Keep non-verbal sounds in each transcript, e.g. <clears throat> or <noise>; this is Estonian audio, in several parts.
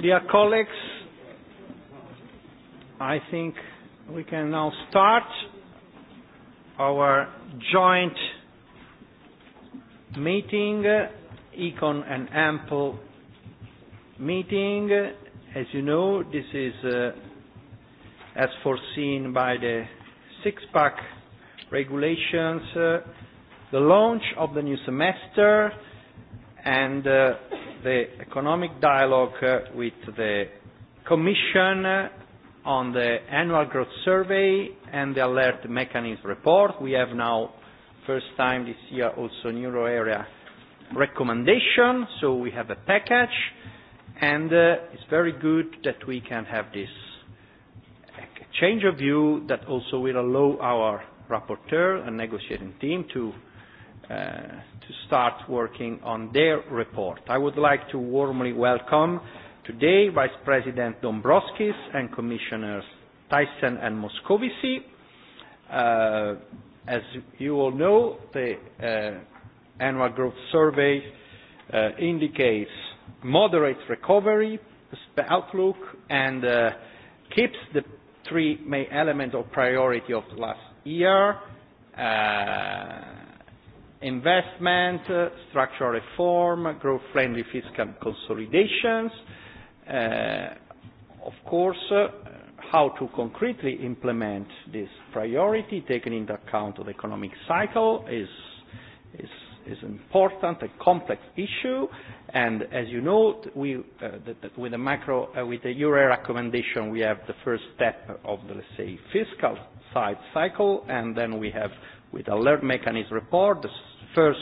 Dear colleagues, I think we can now start our joint meeting, Econ and Ample meeting. As you know, this is uh, as foreseen by the six-pack regulations, uh, the launch of the new semester and uh, the economic dialogue with the Commission on the annual growth survey and the alert mechanism report. We have now, first time this year, also an euro area recommendation, so we have a package, and uh, it's very good that we can have this change of view that also will allow our rapporteur and negotiating team to uh, to start working on their report. I would like to warmly welcome today Vice President Dombrovskis and Commissioners Tyson and Moscovici. Uh, as you all know, the uh, annual growth survey uh, indicates moderate recovery outlook and uh, keeps the three main elements of priority of last year, uh, investment, uh, structural reform, growth-friendly fiscal consolidations, uh, of course, uh, how to concretely implement this priority, taking into account the economic cycle, is, is, is important, a complex issue, and as you know, we, uh, the, the, with, the macro, uh, with the euro recommendation, we have the first step of the, let's say, fiscal side cycle, and then we have with alert mechanism report, the first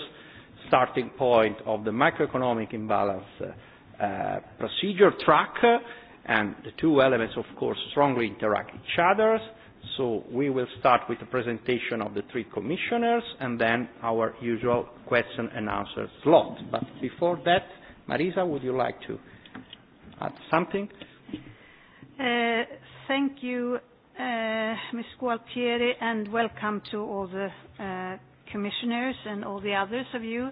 starting point of the macroeconomic imbalance uh, uh, procedure track, uh, and the two elements, of course, strongly interact each other. So we will start with the presentation of the three commissioners and then our usual question and answer slot. But before that, Marisa, would you like to add something? Uh, thank you, uh, Ms. Gualtieri, and welcome to all the uh, commissioners and all the others of you.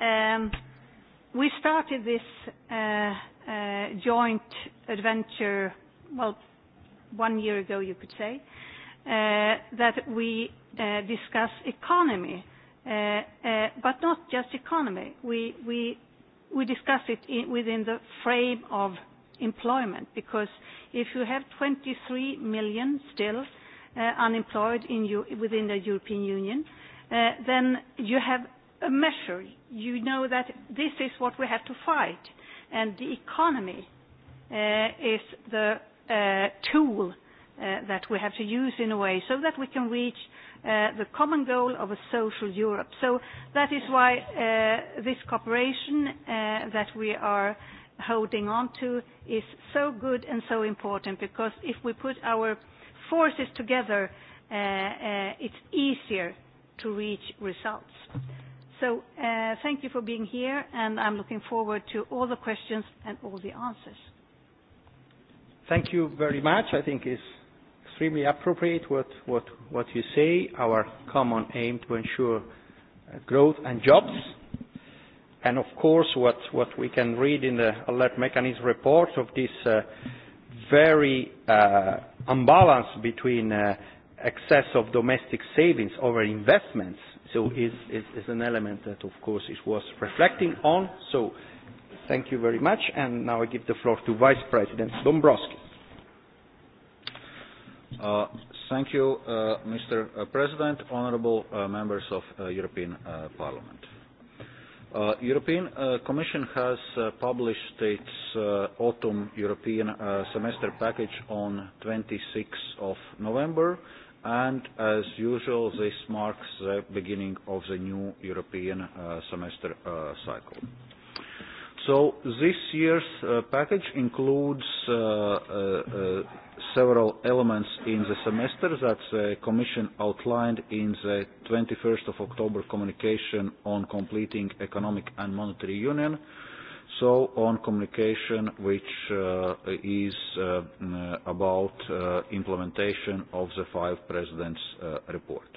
Um, we started this uh, uh, joint adventure, well, one year ago, you could say, uh, that we uh, discuss economy, uh, uh, but not just economy. We, we, we discuss it in, within the frame of employment, because if you have 23 million still uh, unemployed in, within the European Union, uh, uh, then you have a measure. You know that this is what we have to fight, and the economy uh, is the uh, tool uh, that we have to use in a way so that we can reach uh, the common goal of a social Europe. So that is why uh, this cooperation uh, that we are holding on to is so good and so important because if we put our forces together, uh, uh, it's easier to reach results. So, uh, thank you for being here, and I'm looking forward to all the questions and all the answers. Thank you very much. I think it's extremely appropriate what, what, what you say, our common aim to ensure uh, growth and jobs. And of course, what, what we can read in the alert mechanism report of this uh, very uh, imbalance between uh, excess of domestic savings over investments, so is, is, is an element that, of course, is worth reflecting on. So thank you very much, and now I give the floor to Vice President Dombrovskis. Uh, thank you, uh, Mr. Uh, President, honorable uh, members of uh, European uh, Parliament. Uh, European uh, Commission has uh, published its uh, autumn European uh, semester package on 26th of November, uh, and as usual, this marks the beginning of the new European uh, semester uh, cycle. So this year's uh, package includes uh, uh, uh, several elements in the semester that the Commission outlined in the 21st of October communication on completing economic and monetary union, uh, So on communication, which uh, is uh, about uh, implementation of the five presidents' uh, report.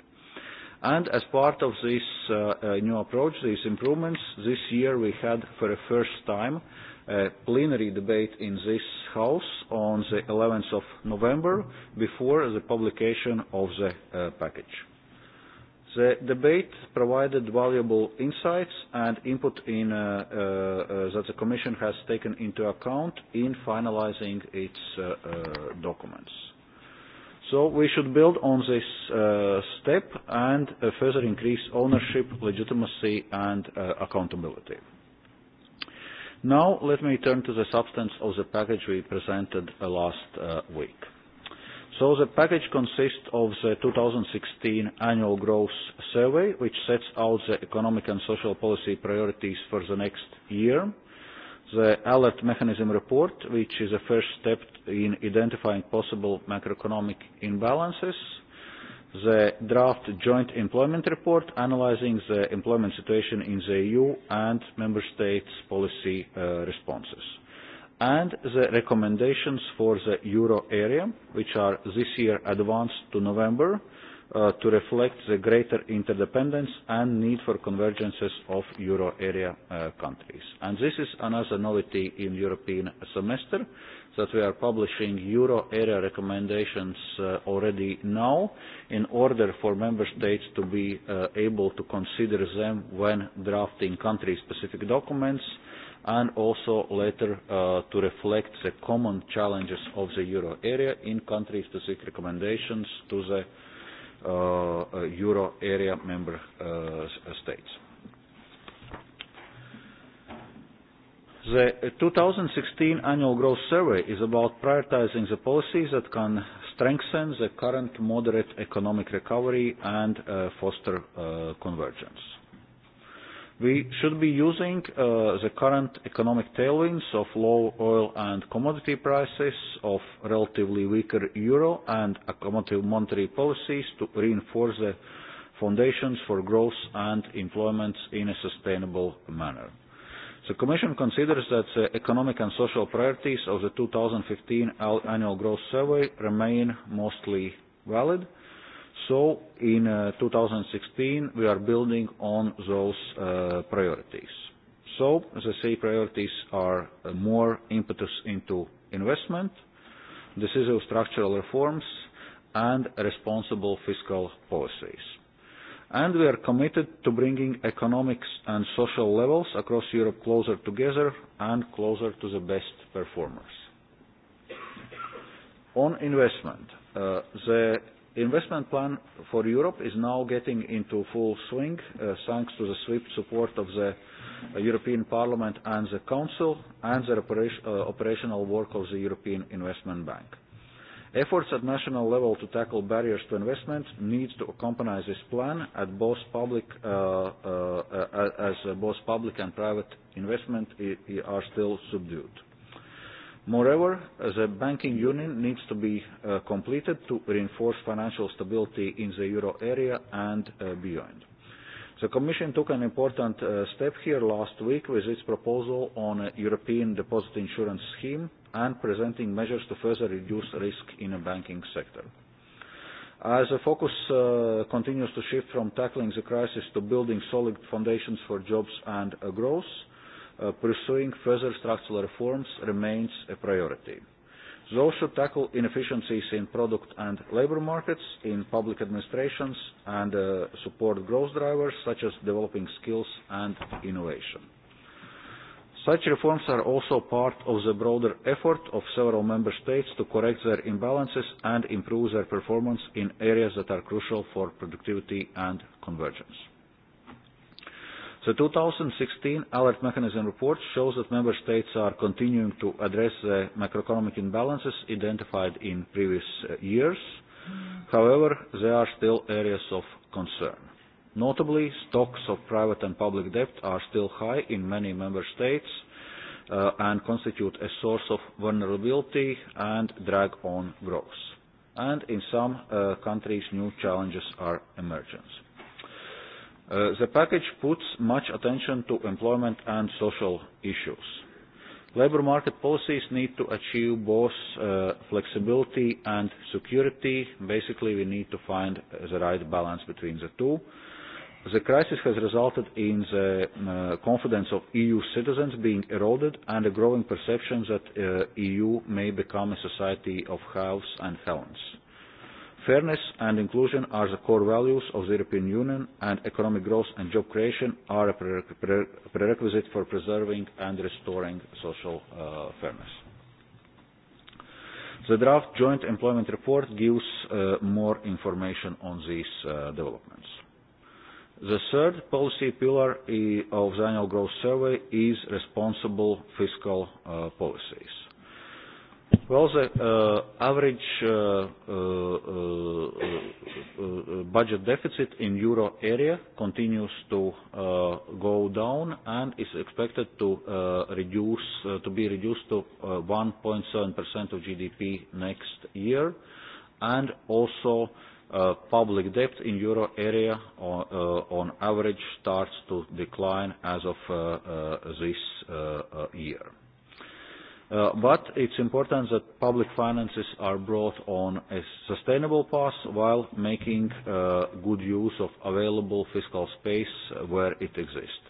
And as part of this uh, uh, new approach, these improvements, this year we had for the first time a plenary debate in this House on the 11th of November before the publication of the uh, package. The debate provided valuable insights and input in, uh, uh, uh, that the Commission has taken into account in finalizing its uh, uh, documents. So we should build on this uh, step and uh, further increase ownership, legitimacy and uh, accountability. Now let me turn to the substance of the package we presented uh, last uh, week. So the package consists of the 2016 annual growth survey, which sets out the economic and social policy priorities for the next year, the alert mechanism report, which is a first step in identifying possible macroeconomic imbalances, the draft joint employment report analyzing the employment situation in the EU and member states' policy uh, responses and the recommendations for the euro area, which are this year advanced to November uh, to reflect the greater interdependence and need for convergences of euro area uh, countries. And this is another novelty in European semester that we are publishing euro area recommendations uh, already now in order for member states to be uh, able to consider them when drafting country specific documents uh, and also later uh, to reflect the common challenges of the euro area in country specific recommendations to the uh, uh, euro area member uh, states. The 2016 annual growth survey is about prioritizing the policies that can strengthen the current moderate economic recovery and uh, foster uh, convergence. We should be using uh, the current economic tailwinds of low oil and commodity prices, of relatively weaker euro and accommodative monetary policies to reinforce the foundations for growth and employment in a sustainable manner. The Commission considers that the economic and social priorities of the 2015 annual growth survey remain mostly valid So in uh, 2016, we are building on those uh, priorities. So the three priorities are uh, more impetus into investment, decisive structural reforms, and responsible fiscal policies. And we are committed to bringing economics and social levels across Europe closer together and closer to the best performers. On investment, uh, the investment plan for Europe is now getting into full swing, uh, thanks to the swift support of the uh, European Parliament and the Council and the operation, uh, operational work of the European Investment Bank. Efforts at national level to tackle barriers to investment needs to accompany this plan at both public, uh, uh, uh as both public and private investment are still subdued. Moreover, the banking union needs to be uh, completed to reinforce financial stability in the euro area and uh, beyond. The Commission took an important uh, step here last week with its proposal on a European deposit insurance scheme and presenting measures to further reduce risk in the banking sector. As the focus uh, continues to shift from tackling the crisis to building solid foundations for jobs and uh, growth, uh, pursuing further structural reforms remains a priority. Those should tackle inefficiencies in product and labor markets, in public administrations, and uh, support growth drivers such as developing skills and innovation. Such reforms are also part of the broader effort of several member states to correct their imbalances and improve their performance in areas that are crucial for productivity and convergence. The 2016 alert mechanism report shows that member states are continuing to address the macroeconomic imbalances identified in previous uh, years. However, there are still areas of concern. Notably, stocks of private and public debt are still high in many member states uh, and constitute a source of vulnerability and drag on growth. And in some uh, countries, new challenges are emerging. Uh, the package puts much attention to employment and social issues. Labour market policies need to achieve both uh, flexibility and security. Basically, we need to find the right balance between the two. The crisis has resulted in the uh, confidence of EU citizens being eroded and a growing perception that uh, EU may become a society of haves and helens. Uh, Fairness and inclusion are the core values of the European Union, and economic growth and job creation are a prerequisite for preserving and restoring social uh, fairness. The draft joint employment report gives uh, more information on these uh, developments. The third policy pillar of the annual growth survey is responsible fiscal uh, policies Well, the uh, average uh uh, uh, uh, uh, budget deficit in euro area continues to go down and is expected to reduce to be reduced to 1.7% of GDP next year. And also, public debt in euro area on, on average starts to decline as of this year. Uh, but it's important that public finances are brought on a sustainable path while making uh, good use of available fiscal space where it exists.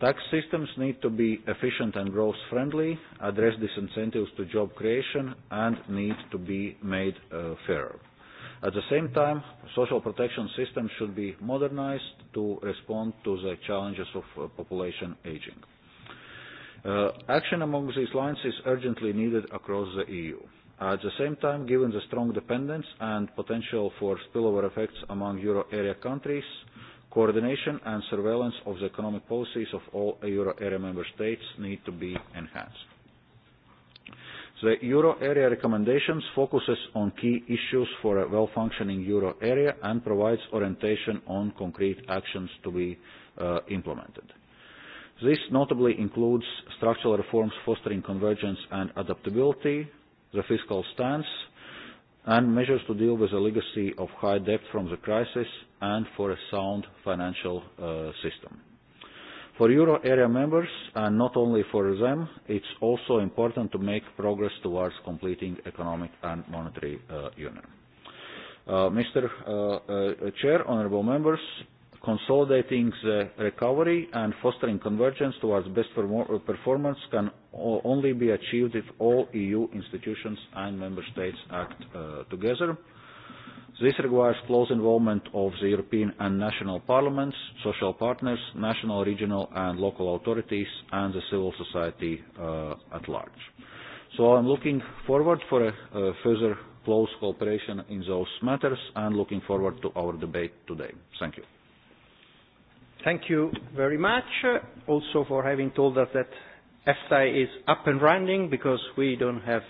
Tax systems need to be efficient and growth-friendly, address disincentives to job creation, and need to be made uh, fairer. At the same time, social protection systems should be modernized to respond to the challenges of uh, population aging. Uh, action among these lines is urgently needed across the EU. At the same time, given the strong dependence and potential for spillover effects among euro area countries, coordination and surveillance of the economic policies of all euro area member states need to be enhanced. The euro area recommendations focuses on key issues for a well-functioning euro area and provides orientation on concrete actions to be uh, implemented. This notably includes structural reforms fostering convergence and adaptability, the fiscal stance, and measures to deal with the legacy of high debt from the crisis and for a sound financial uh, system. For euro area members, and not only for them, it's also important to make progress towards completing economic and monetary uh, union. Uh, Mr. Uh, uh, Chair, honourable members, consolidating the recovery and fostering convergence towards best uh, performance can only be achieved if all EU institutions and member states act uh, together. This requires close involvement of the European and national parliaments, social partners, national, regional and local authorities and the civil society uh, at large. So I'm looking forward for a, a further close cooperation in those matters and looking forward to our debate today. Thank you. Thank you very much uh, also for having told us that EFSA is up and running because we don't have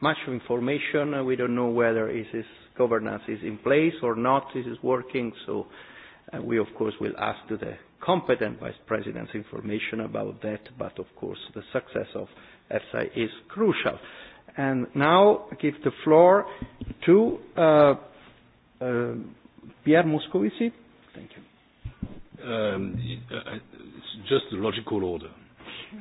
much information. Uh, we don't know whether it is governance is in place or not, it is working. So uh, we, of course, will ask to the competent vice president's information about that. But, of course, the success of EFSA is crucial. And now I give the floor to uh, uh, Pierre Moscovici. Thank you. Um, just the logical order.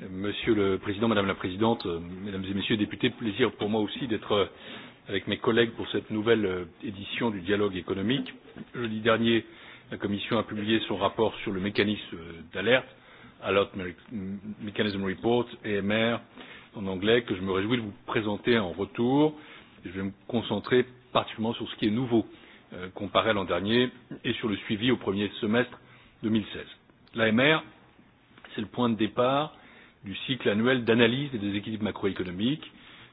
Monsieur le Président, Madame la Présidente, euh, Mesdames et Messieurs les députés, plaisir pour moi aussi d'être avec mes collègues pour cette nouvelle édition du dialogue économique. Jeudi dernier, la Commission a publié son rapport sur le mécanisme d'alerte, Alert Mechanism Report, EMR en anglais, que je me réjouis de vous présenter en retour. Je vais me concentrer particulièrement sur ce qui est nouveau euh, comparé à l'an dernier et sur le suivi au premier semestre 2016. L'AMR, c'est le point de départ du cycle annuel d'analyse des déséquilibres macroéconomiques.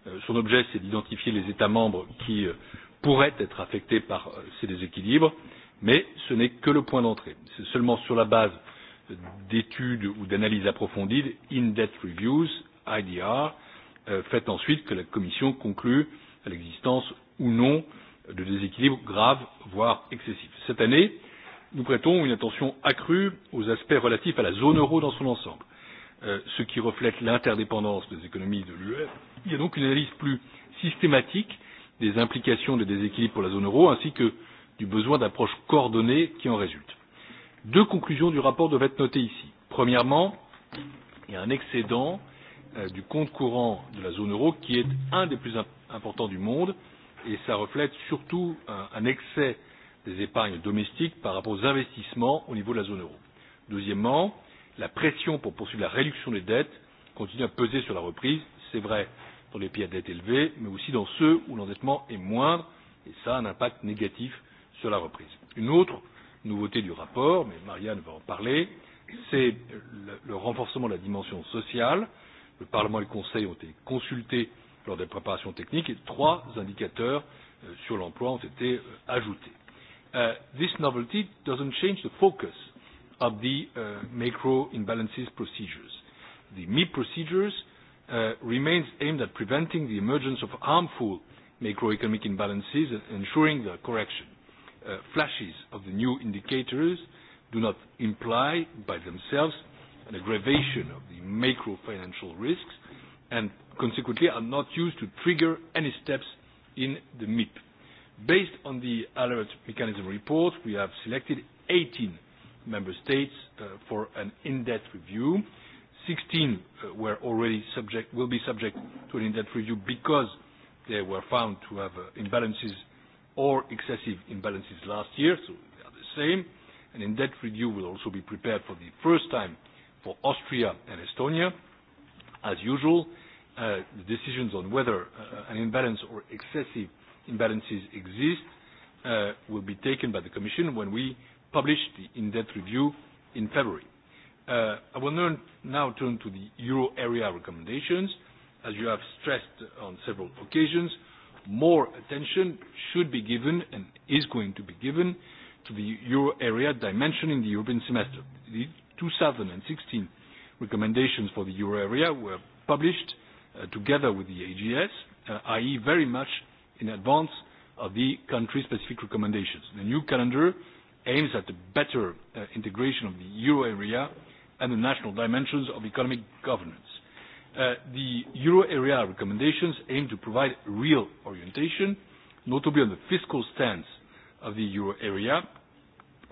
Euh, son objet, c'est d'identifier les États membres qui euh, pourraient être affectés par euh, ces déséquilibres, mais ce n'est que le point d'entrée. C'est seulement sur la base d'études ou d'analyses approfondies, in-depth reviews, IDR, faites ensuite que la Commission conclut à l'existence ou non de déséquilibres graves, voire excessifs. Cette année, nous prêtons une attention accrue aux aspects relatifs à la zone euro dans son ensemble euh, ce qui reflète l'interdépendance des économies de l'ue. il y a donc une analyse plus systématique des implications des déséquilibres pour la zone euro ainsi que du besoin d'approches coordonnées qui en résultent. deux conclusions du rapport doivent être notées ici. premièrement il y a un excédent euh, du compte courant de la zone euro qui est un des plus importants du monde et cela reflète surtout un excès des épargnes domestiques par rapport aux investissements au niveau de la zone euro. Deuxièmement, la pression pour poursuivre la réduction des dettes continue à peser sur la reprise, c'est vrai dans les pays à dette élevée, mais aussi dans ceux où l'endettement est moindre, et cela a un impact négatif sur la reprise. Une autre nouveauté du rapport, mais Marianne va en parler, c'est le, le renforcement de la dimension sociale. Le Parlement et le Conseil ont été consultés lors des préparations techniques et trois indicateurs euh, sur l'emploi ont été euh, ajoutés uh, this novelty doesn't change the focus of the uh, macro imbalances procedures. The MIP procedures uh, remains aimed at preventing the emergence of harmful macroeconomic imbalances and ensuring their correction. Uh, flashes of the new indicators do not imply by themselves an aggravation of the macro financial risks and consequently are not used to trigger any steps in the MIP. Based on the alert mechanism report, we have selected 18 member states uh, for an in-depth review. 16 uh, were already subject, will be subject to an in-depth review because they were found to have uh, imbalances or excessive imbalances last year, so they are the same. An in-depth review will also be prepared for the first time for Austria and Estonia. As usual, uh, the decisions on whether uh, an imbalance or excessive imbalances exist uh, will be taken by the Commission when we publish the in-depth review in February. Uh, I will now turn to the euro area recommendations. As you have stressed on several occasions, more attention should be given and is going to be given to the euro area dimension in the European semester. The 2016 recommendations for the euro area were published uh, together with the AGS, uh, i.e., very much in advance of the country-specific recommendations. The new calendar aims at a better uh, integration of the euro area and the national dimensions of economic governance. Uh, the euro area recommendations aim to provide real orientation, notably on the fiscal stance of the euro area.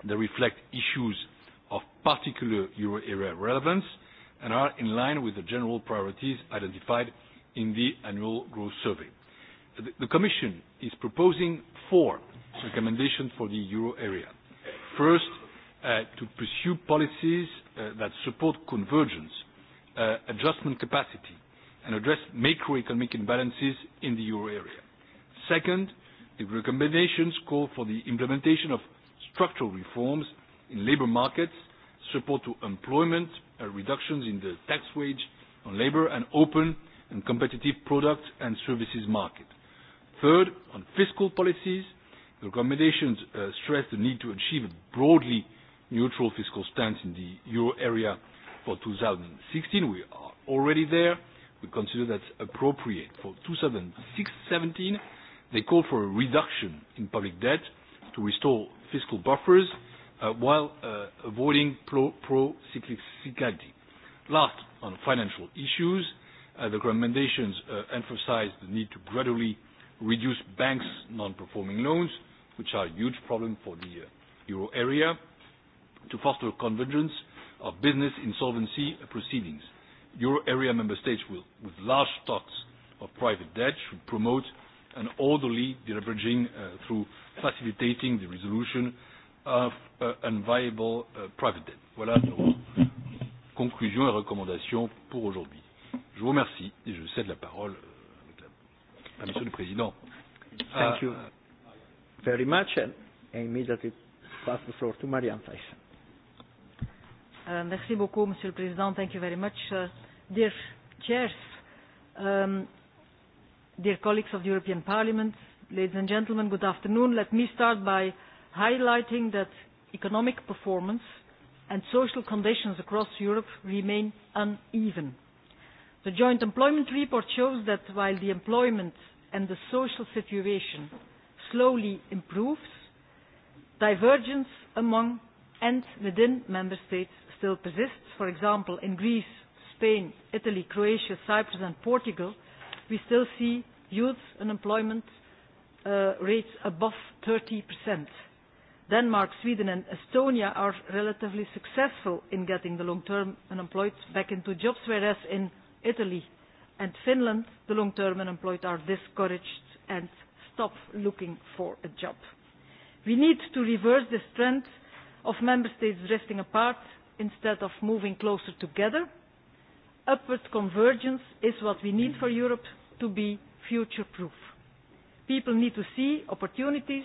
They reflect issues of particular euro area relevance and are in line with the general priorities identified in the annual growth survey the, the Commission is proposing four recommendations for the euro area. First, uh, to pursue policies uh, that support convergence, uh, adjustment capacity, and address macroeconomic imbalances in the euro area. Second, the recommendations call for the implementation of structural reforms in labor markets, support to employment, uh, reductions in the tax wage on labor, and open and competitive product and services market. Third, on fiscal policies, the recommendations uh, stress the need to achieve a broadly neutral fiscal stance in the euro area for 2016. We are already there. We consider that's appropriate. For 2017, they call for a reduction in public debt to restore fiscal buffers uh, while uh, avoiding pro-cyclicality. Pro Last, on financial issues, uh, the recommendations uh, emphasize the need to gradually reduce banks' non-performing loans, which are a huge problem for the uh, euro area, to foster convergence of business insolvency proceedings. Euro area member states will, with large stocks of private debt should promote an orderly deleveraging uh, through facilitating the resolution of uh, unviable uh, private debt. Voilà nos conclusions et recommandations pour aujourd'hui. Je vous remercie et je cède la parole euh, Monsieur le Président. Thank you euh, very much and immediately pass the floor to Marianne Thyssen. Uh, merci beaucoup, Monsieur le Président. Thank you very much. Uh, dear chairs, um, dear colleagues of the European Parliament, ladies and gentlemen, good afternoon. Let me start by highlighting that economic performance and social conditions across Europe remain uneven The joint employment report shows that while the employment and the social situation slowly improves, divergence among and within member states still persists. For example, in Greece, Spain, Italy, Croatia, Cyprus and Portugal, we still see youth unemployment uh, rates above 30%. Denmark, Sweden and Estonia are relatively successful in getting the long-term unemployed back into jobs, whereas in Italy and Finland, the long-term unemployed are discouraged and stop looking for a job. We need to reverse this trend of member states drifting apart instead of moving closer together. Upward convergence is what we need for Europe to be future-proof. People need to see opportunities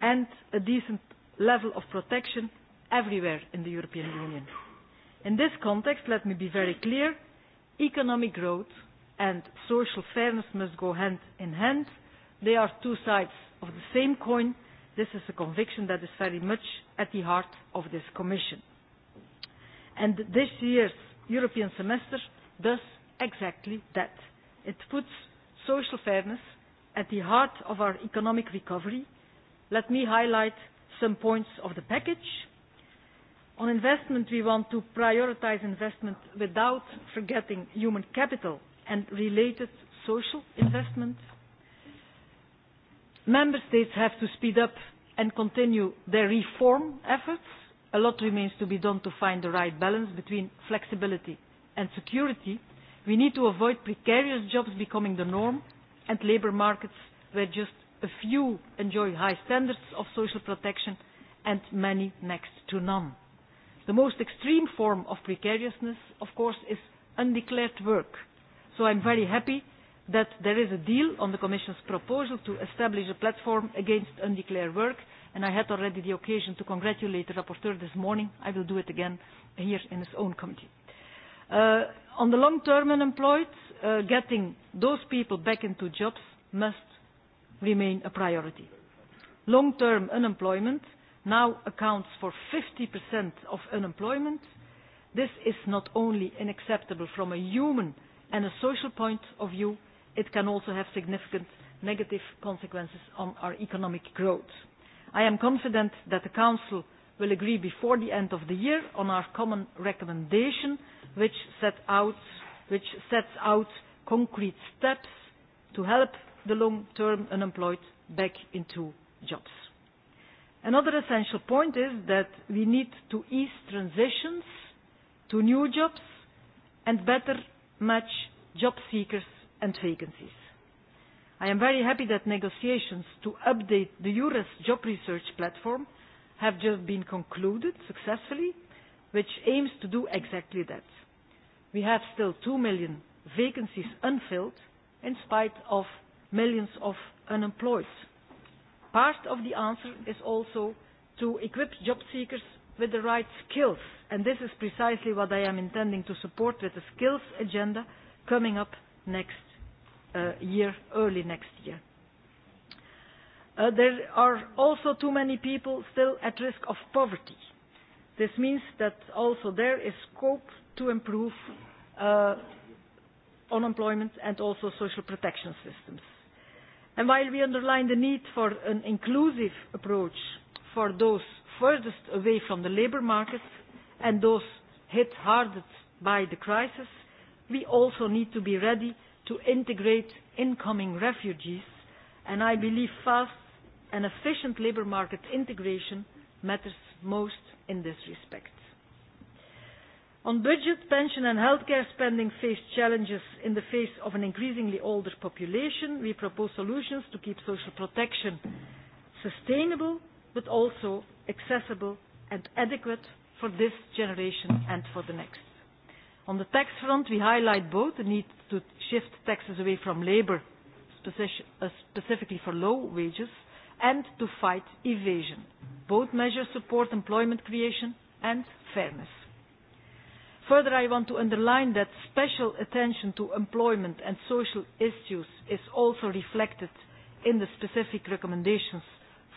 and a decent level of protection everywhere in the European Union. In this context, let me be very clear, Economic growth and social fairness must go hand in hand. They are two sides of the same coin. This is a conviction that is very much at the heart of this Commission. And this year's European semester does exactly that. It puts social fairness at the heart of our economic recovery. Let me highlight some points of the package On investment, we want to prioritize investment without forgetting human capital and related social investment. Member states have to speed up and continue their reform efforts. A lot remains to be done to find the right balance between flexibility and security. We need to avoid precarious jobs becoming the norm and labour markets where just a few enjoy high standards of social protection and many next to none. The most extreme form of precariousness, of course, is undeclared work. So I'm very happy that there is a deal on the Commission's proposal to establish a platform against undeclared work, and I had already the occasion to congratulate the rapporteur this morning. I will do it again here in his own committee. Uh, on the long-term unemployed, uh, getting those people back into jobs must remain a priority. Long-term unemployment – now accounts for 50% of unemployment. This is not only unacceptable from a human and a social point of view, it can also have significant negative consequences on our economic growth. I am confident that the Council will agree before the end of the year on our common recommendation, which, set out, which sets out concrete steps to help the long-term unemployed back into jobs. Another essential point is that we need to ease transitions to new jobs and better match job seekers and vacancies. I am very happy that negotiations to update the EURES job research platform have just been concluded successfully, which aims to do exactly that. We have still 2 million vacancies unfilled in spite of millions of unemployed. Part of the answer is also to equip job seekers with the right skills, and this is precisely what I am intending to support with the skills agenda coming up next uh, year, early next year. Uh, there are also too many people still at risk of poverty. This means that also there is scope to improve uh, unemployment and also social protection systems. And while we underline the need for an inclusive approach for those furthest away from the labour market and those hit hardest by the crisis, we also need to be ready to integrate incoming refugees, and I believe fast and efficient labour market integration matters most in this respect. On budget, pension and healthcare spending face challenges in the face of an increasingly older population. We propose solutions to keep social protection sustainable, but also accessible and adequate for this generation and for the next. On the tax front, we highlight both the need to shift taxes away from labor, uh, specifically for low wages, and to fight evasion. Both measures support employment creation and fairness. Further, I want to underline that special attention to employment and social issues is also reflected in the specific recommendations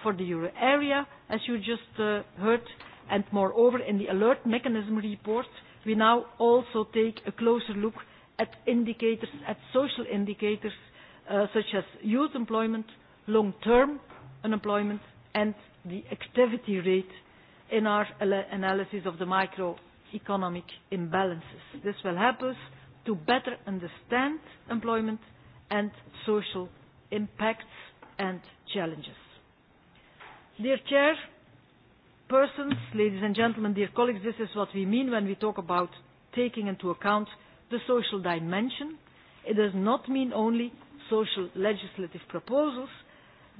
for the euro area, as you just uh, heard, and moreover, in the alert mechanism report, we now also take a closer look at indicators, at social indicators, uh, such as youth employment, long-term unemployment, and the activity rate in our analysis of the micro economic imbalances. This will help us to better understand employment and social impacts and challenges. Dear Chair, persons, ladies and gentlemen, dear colleagues, this is what we mean when we talk about taking into account the social dimension. It does not mean only social legislative proposals,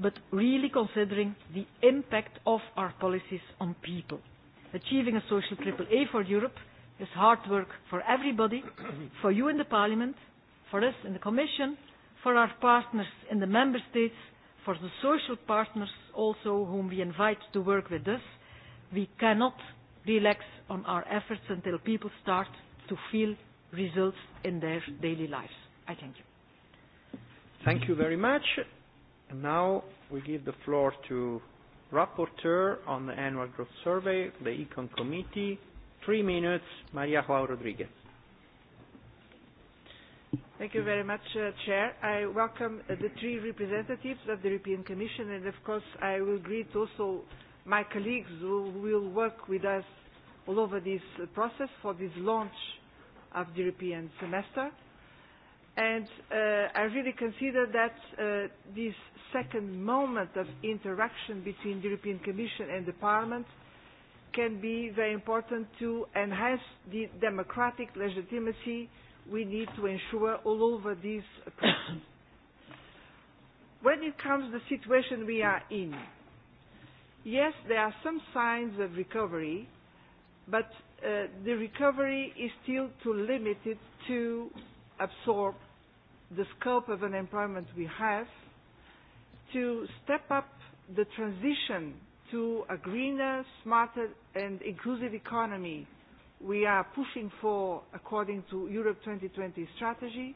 but really considering the impact of our policies on people achieving a social triple A for Europe is hard work for everybody, <coughs> for you in the Parliament, for us in the Commission, for our partners in the Member States, for the social partners also whom we invite to work with us. We cannot relax on our efforts until people start to feel results in their daily lives. I thank you. Thank you very much. And now we give the floor to Rapporteur on the Annual Growth Survey, the Econ Committee. Three minutes, Maria Joao Rodriguez. Thank you very much, uh, Chair. I welcome uh, the three representatives of the European Commission, and of course I will greet also my colleagues who will work with us all over this process for this launch of the European semester. And uh, I really consider that uh, this second moment of interaction between the European Commission and the Parliament can be very important to enhance the democratic legitimacy we need to ensure all over this process. When it comes to the situation we are in, yes, there are some signs of recovery, but uh, the recovery is still too limited to absorb the scope of unemployment we have, to step up the transition to a greener, smarter and inclusive economy we are pushing for according to Europe 2020 strategy,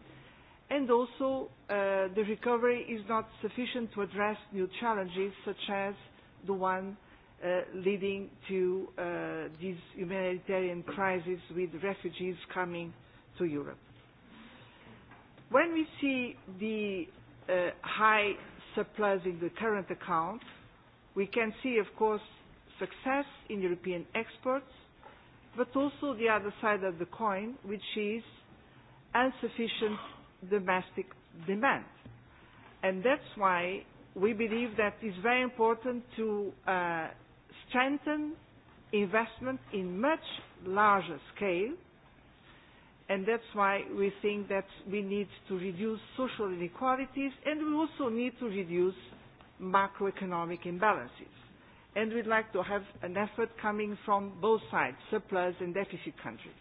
and also uh, the recovery is not sufficient to address new challenges such as the one uh, leading to uh, this humanitarian crisis with refugees coming to Europe. When we see the uh, high surplus in the current account, we can see, of course, success in European exports, but also the other side of the coin, which is insufficient domestic demand. And that's why we believe that it's very important to uh, strengthen investment in much larger scale uh, and that's why we think that we need to reduce social inequalities and we also need to reduce macroeconomic imbalances. And we'd like to have an effort coming from both sides, surplus and deficit countries.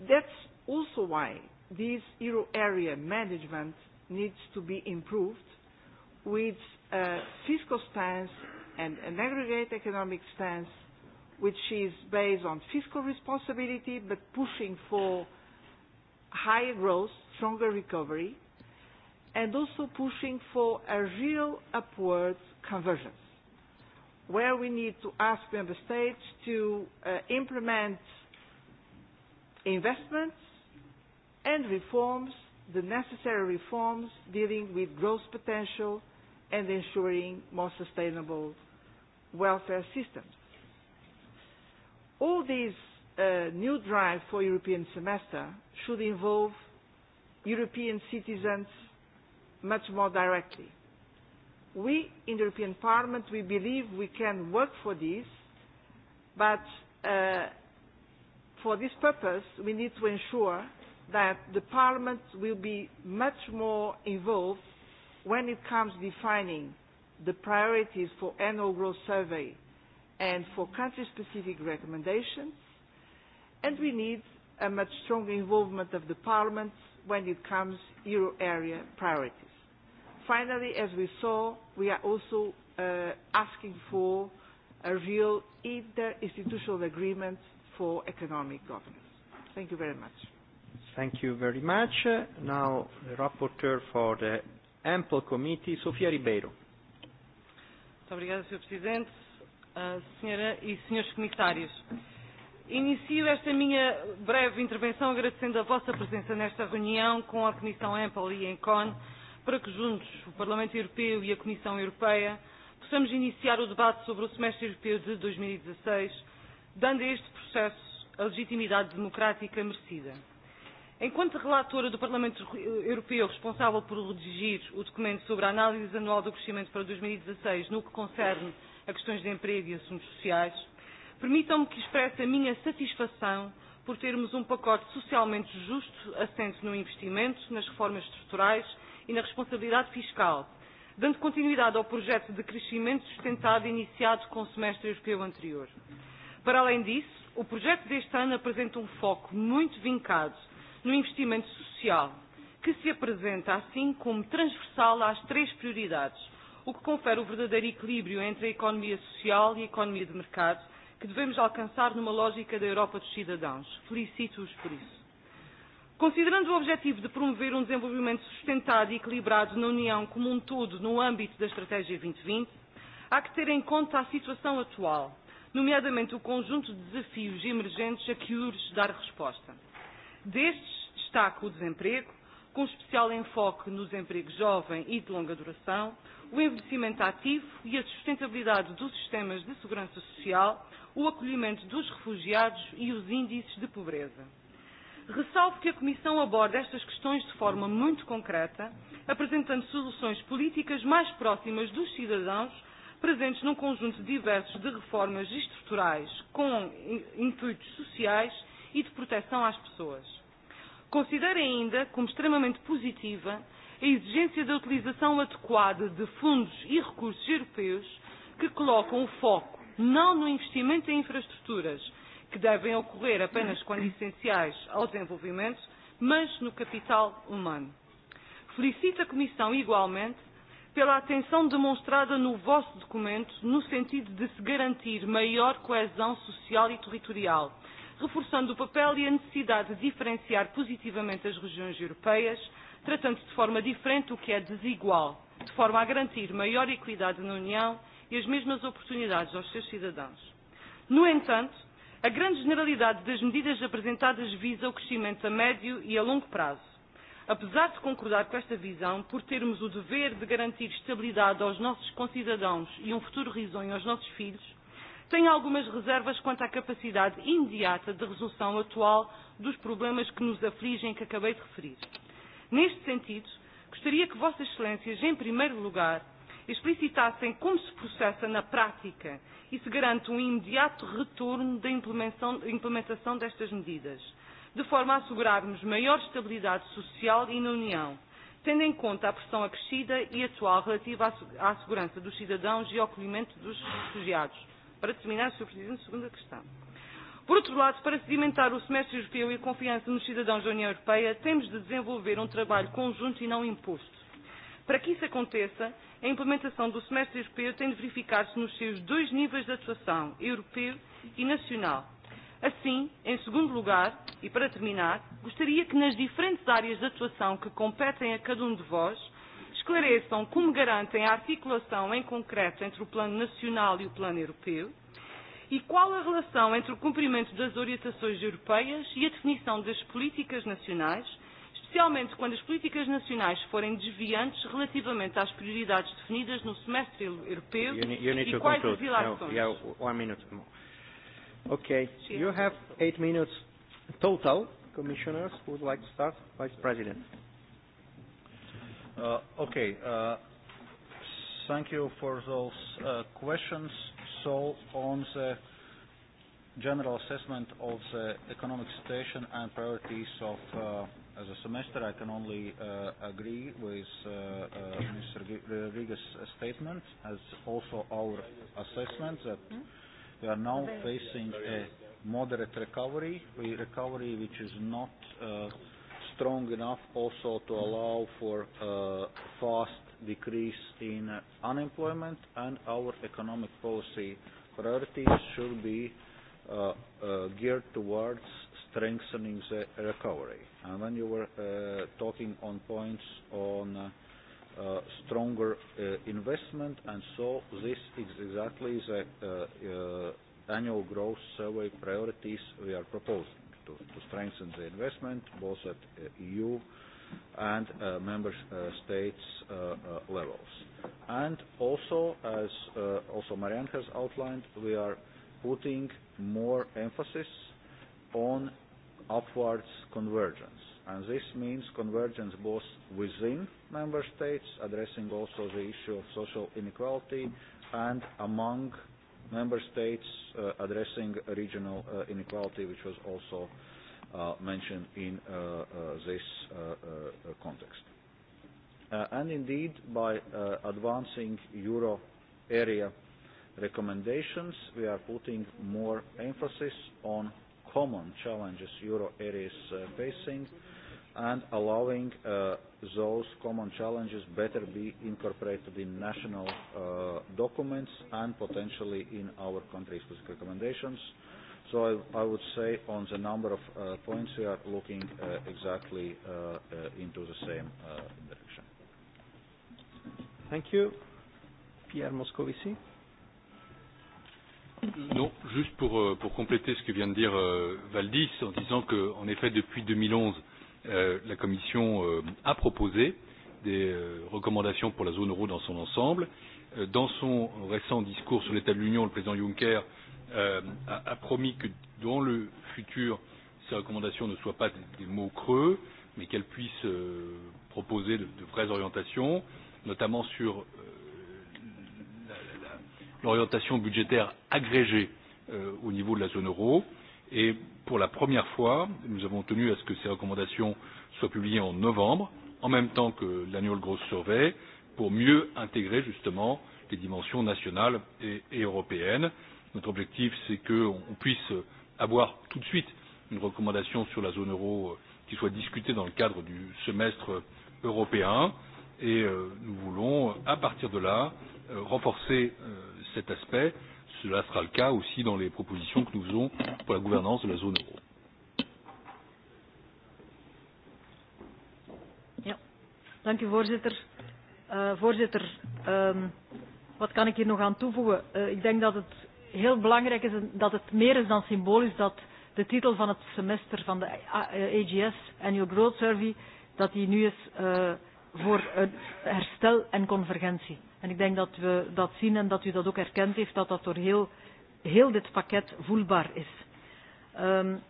That's also why this euro area management needs to be improved with a fiscal stance and an aggregate economic stance which is based on fiscal responsibility, but pushing for higher growth, stronger recovery, and also pushing for a real upward convergence, where we need to ask member states to uh, implement investments and reforms, the necessary reforms dealing with growth potential and ensuring more sustainable welfare systems all these uh, new drive for European semester should involve European citizens much more directly. We in the European Parliament, we believe we can work for this, but uh, for this purpose, we need to ensure that the Parliament will be much more involved when it comes defining the priorities for annual growth survey and for country-specific recommendations, and we need a much stronger involvement of the parliaments when it comes euro area priorities. Finally, as we saw, we are also uh, asking for a real interinstitutional agreement for economic governance. Thank you very much. Thank you very much. Now, the rapporteur for the Ample Committee, Sofia Ribeiro. Muito obrigada, Sr. Presidente. Senhora e Senhores Comissários. Inicio esta minha breve intervenção agradecendo a vossa presença nesta reunião com a Comissão Ample e ENCON, para que juntos, o Parlamento Europeu e a Comissão Europeia, possamos iniciar o debate sobre o semestre europeu de 2016, e dando a este processo a legitimidade democrática merecida. Enquanto relatora do Parlamento Europeu responsável por redigir o documento sobre a análise anual do crescimento para 2016 e no que concerne a questões de emprego e assuntos sociais, permitam-me que expresse a minha satisfação por termos um pacote socialmente justo, assente no investimento, nas reformas estruturais e na responsabilidade fiscal, dando continuidade ao projeto de crescimento sustentado iniciado com o semestre europeu anterior. Para além disso, o projeto deste ano apresenta um foco muito vincado no investimento social, que se apresenta assim como transversal às três prioridades o que confere o verdadeiro equilíbrio entre a economia social e a economia de mercado, que devemos alcançar numa lógica da Europa dos cidadãos. Felicito-os por isso. Considerando o objetivo de promover um desenvolvimento sustentado e equilibrado na União como um todo no âmbito da Estratégia 2020, e há que ter em conta a situação atual, nomeadamente o conjunto de desafios emergentes a que urge dar resposta. Destes, destaca o desemprego, com especial enfoque no desemprego jovem e de longa duração, o envelhecimento ativo e a sustentabilidade dos sistemas de segurança social, o acolhimento dos refugiados e os índices de pobreza. Ressalvo que a Comissão aborda estas questões de forma muito concreta, apresentando soluções políticas mais próximas dos cidadãos, presentes num conjunto diverso de reformas estruturais com intuitos sociais e de proteção às pessoas. Considero ainda como extremamente positiva a exigência da utilização adequada de fundos e recursos europeus que colocam o foco não no investimento em infraestruturas, que devem ocorrer apenas quando essenciais ao desenvolvimento, mas no capital humano. Felicito a Comissão, igualmente, pela atenção demonstrada no vosso documento no sentido de se garantir maior coesão social e territorial, reforçando o papel e a necessidade de diferenciar positivamente as regiões europeias tratando-se de forma diferente, o que é desigual, de forma a garantir maior equidade na União e as mesmas oportunidades aos seus cidadãos. No entanto, a grande generalidade das medidas apresentadas visa o crescimento a médio e a longo prazo. Apesar de concordar com esta visão, por termos o dever de garantir estabilidade aos nossos concidadãos e um futuro risonho aos nossos filhos, tenho algumas reservas quanto à capacidade imediata de resolução atual dos problemas que nos afligem que acabei de referir. Neste sentido, gostaria que Vossas Excelências, em primeiro lugar, explicitassem como se processa na prática e se garante um imediato retorno da implementação destas medidas, de forma a assegurarmos maior estabilidade social e na União, tendo em conta a pressão acrescida e atual relativa à segurança dos cidadãos e ao acolhimento dos refugiados. Para terminar, Sr. Presidente, segunda questão. Por outro lado, para sedimentar o semestre europeu e a confiança nos cidadãos da União Europeia, temos de desenvolver um trabalho conjunto e não imposto. Para que isso aconteça, a implementação do semestre europeu tem de verificar-se nos seus dois níveis de atuação, europeu e nacional. Assim, em segundo lugar, e para terminar, gostaria que nas diferentes áreas de atuação que competem a cada um de vós, esclareçam como garantem a articulação em concreto entre o plano nacional e o plano europeu, E qual a relação entre o cumprimento das orientações europeias e a definição das políticas nacionais, especialmente quando as políticas nacionais forem desviantes relativamente às prioridades definidas no semestre europeu you need, you need e quais conclude. as ilações? No, yeah, one minute more. Okay, Cheers. you have eight minutes total. Commissioners, who would like to start? Vice President. Uh, okay. Uh, thank you for those uh, questions. Uh, Council on the general assessment of the economic situation and priorities of uh, the semester. I can only uh, agree with uh, uh, Ms. Rodriguez's statement as also our assessment that hmm? we are now facing a moderate recovery, a recovery which is not uh, strong enough also to allow for uh, fast decrease in unemployment and our economic policy priorities should be uh, uh, geared towards strengthening the recovery. And when you were uh, talking on points on uh, uh, stronger uh, investment, and so this is exactly the uh, uh, annual growth survey priorities we are proposing to, to strengthen the investment both at uh, EU uh, and uh, member uh, states uh, uh, levels. And also, as uh, also Marianne has outlined, we are putting more emphasis on upwards convergence. And this means convergence both within member states, addressing also the issue of social inequality, and among member states, uh, addressing regional uh, inequality, which was also uh, uh, mentioned in uh, uh, this uh, uh, uh, context. Uh, and indeed, by uh, advancing euro area recommendations, we are putting more emphasis on common challenges euro area is uh, facing and allowing uh, those common challenges better be incorporated in national uh, documents and potentially in our country-specific recommendations. Uh, So I, I would say on the number of uh, points we are looking uh, exactly uh, uh, into the same uh, direction. Thank you. Pierre Moscovici. Non, juste pour, euh, pour compléter ce que vient de dire euh, Valdis en disant qu'en effet, depuis 2011, euh, la Commission euh, a proposé des euh, recommandations pour la zone euro dans son ensemble. Euh, dans son récent discours sur l'état de l'Union, le président Juncker euh, euh, a, a promis que dans le futur, ces recommandations ne soient pas des, des mots creux, mais qu'elles puissent euh, proposer de, de vraies orientations, notamment sur euh, l'orientation budgétaire agrégée euh, au niveau de la zone euro. Et pour la première fois, nous avons tenu à ce que ces recommandations soient publiées en novembre, en même temps que l'annual growth survey, pour mieux intégrer justement les dimensions nationales et, et européennes. Euh, notre objectif c'est qu'on puisse avoir tout de suite une recommandation sur la zone euro euh, qui soit discutée dans le cadre du semestre européen et euh, nous voulons à partir de là euh, renforcer cet aspect cela sera le cas aussi dans les propositions que nous faisons pour la gouvernance de la zone euro. Ja, dank u voorzitter. Uh, voorzitter, um, wat kan ik hier nog aan toevoegen? Uh, ik denk dat het heel belangrijk is dat het meer is dan symbolisch dat de titel van het semester van de AGS, Annual Growth Survey, dat die nu is uh, voor uh, herstel en convergentie. En ik denk dat we dat zien en dat u dat ook erkend heeft, dat dat door heel, heel dit pakket voelbaar is. Um,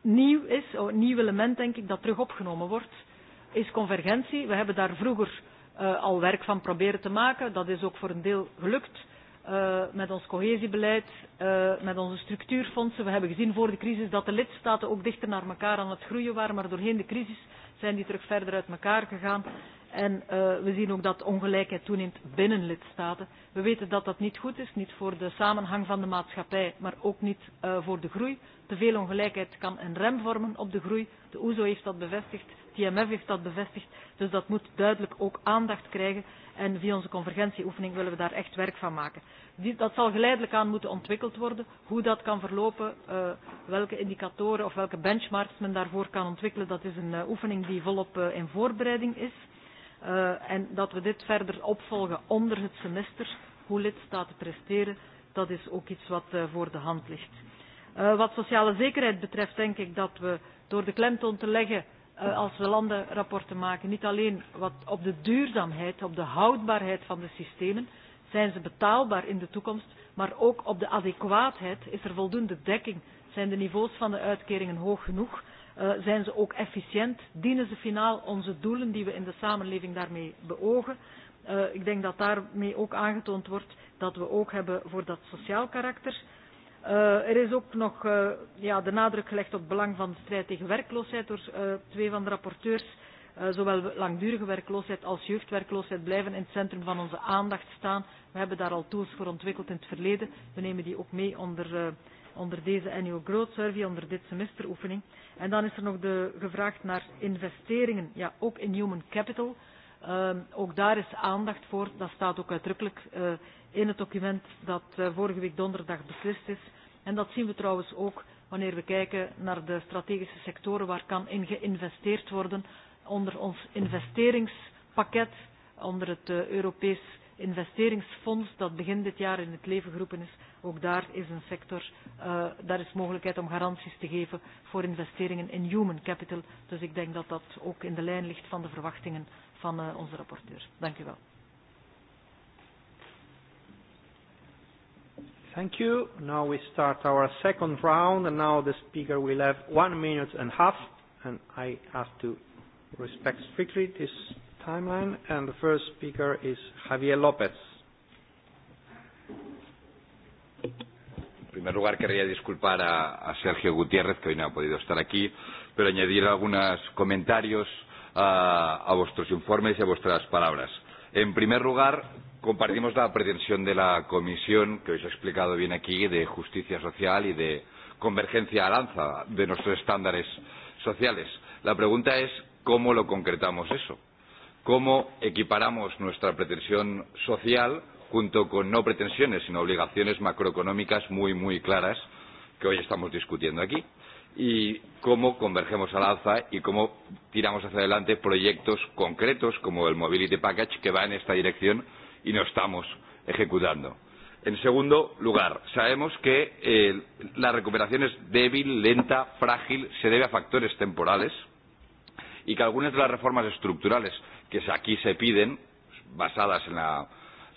nieuw is, een oh, nieuw element denk ik dat terug opgenomen wordt, is convergentie. We hebben daar vroeger uh, al werk van proberen te maken. Dat is ook voor een deel gelukt uh, met ons cohesiebeleid, uh, met onze structuurfondsen. We hebben gezien voor de crisis dat de lidstaten ook dichter naar elkaar aan het groeien waren, maar doorheen de crisis zijn die terug verder uit elkaar gegaan. En uh, we zien ook dat ongelijkheid toeneemt binnen lidstaten. We weten dat dat niet goed is, niet voor de samenhang van de maatschappij, maar ook niet uh, voor de groei. Te veel ongelijkheid kan een rem vormen op de groei. De OESO e heeft dat bevestigd, het IMF heeft dat bevestigd. Dus dat moet duidelijk ook aandacht krijgen. En via onze convergentieoefening willen we daar echt werk van maken. Die, dat zal geleidelijk aan moeten ontwikkeld worden. Hoe dat kan verlopen, uh, welke indicatoren of welke benchmarks men daarvoor kan ontwikkelen, dat is een uh, oefening die volop uh, in voorbereiding is. Uh, en dat we dit verder opvolgen onder het semester, hoe lidstaten presteren, dat is ook iets wat uh, voor de hand ligt. Uh, wat sociale zekerheid betreft denk ik dat we door de klemtoon te leggen Eh, als we landenrapporten maken, niet alleen wat op de duurzaamheid, op de houdbaarheid van de systemen, zijn ze betaalbaar in de toekomst, maar ook op de adequaatheid, is er voldoende dekking, zijn de niveaus van de uitkeringen hoog genoeg, uh, zijn ze ook efficiënt, dienen ze finaal onze doelen die we in de samenleving daarmee beogen. Uh, ik denk dat daarmee ook aangetoond wordt dat we ook hebben voor dat sociaal karakter Uh, er is ook nog uh, ja, de nadruk gelegd op het belang van de strijd tegen werkloosheid door uh, twee van de rapporteurs. Uh, zowel langdurige werkloosheid als jeugdwerkloosheid blijven in het centrum van onze aandacht staan. We hebben daar al tools voor ontwikkeld in het verleden. We nemen die ook mee onder, uh, onder deze annual growth survey, onder dit semesteroefening. En dan is er nog de, gevraagd naar investeringen, ja, ook in human capital. Uh, ook daar is aandacht voor. Dat staat ook uitdrukkelijk uh, in het document dat eh, vorige week donderdag beslist is. En dat zien we trouwens ook wanneer we kijken naar de strategische sectoren waar kan in geïnvesteerd worden onder ons investeringspakket, onder het eh, Europees investeringsfonds dat begin dit jaar in het leven geroepen is. Ook daar is een sector, uh, daar is mogelijkheid om garanties te geven voor investeringen in human capital. Dus ik denk dat dat ook in de lijn ligt van de verwachtingen van uh, onze rapporteur. Dank u wel. Thank you. Now we start our second round, and now the speaker will have one minute and a half, and I have to respect strictly this timeline. And the first speaker is Javier López. En primer lugar, querría disculpar a, a Sergio Gutiérrez, que hoy no ha podido estar aquí, pero añadir algunos comentarios a, a vuestros informes y a vuestras palabras. En primer lugar, Compartimos la pretensión de la Comisión, que hoy se ha explicado bien aquí, de justicia social y de convergencia a lanza de nuestros estándares sociales. La pregunta es cómo lo concretamos eso, cómo equiparamos nuestra pretensión social junto con no pretensiones, sino obligaciones macroeconómicas muy, muy claras que hoy estamos discutiendo aquí y cómo convergemos al alza y cómo tiramos hacia adelante proyectos concretos como el Mobility Package que va en esta dirección y no estamos ejecutando. En segundo lugar, sabemos que eh, la recuperación es débil, lenta, frágil, se debe a factores temporales y que algunas de las reformas estructurales que aquí se piden, basadas en la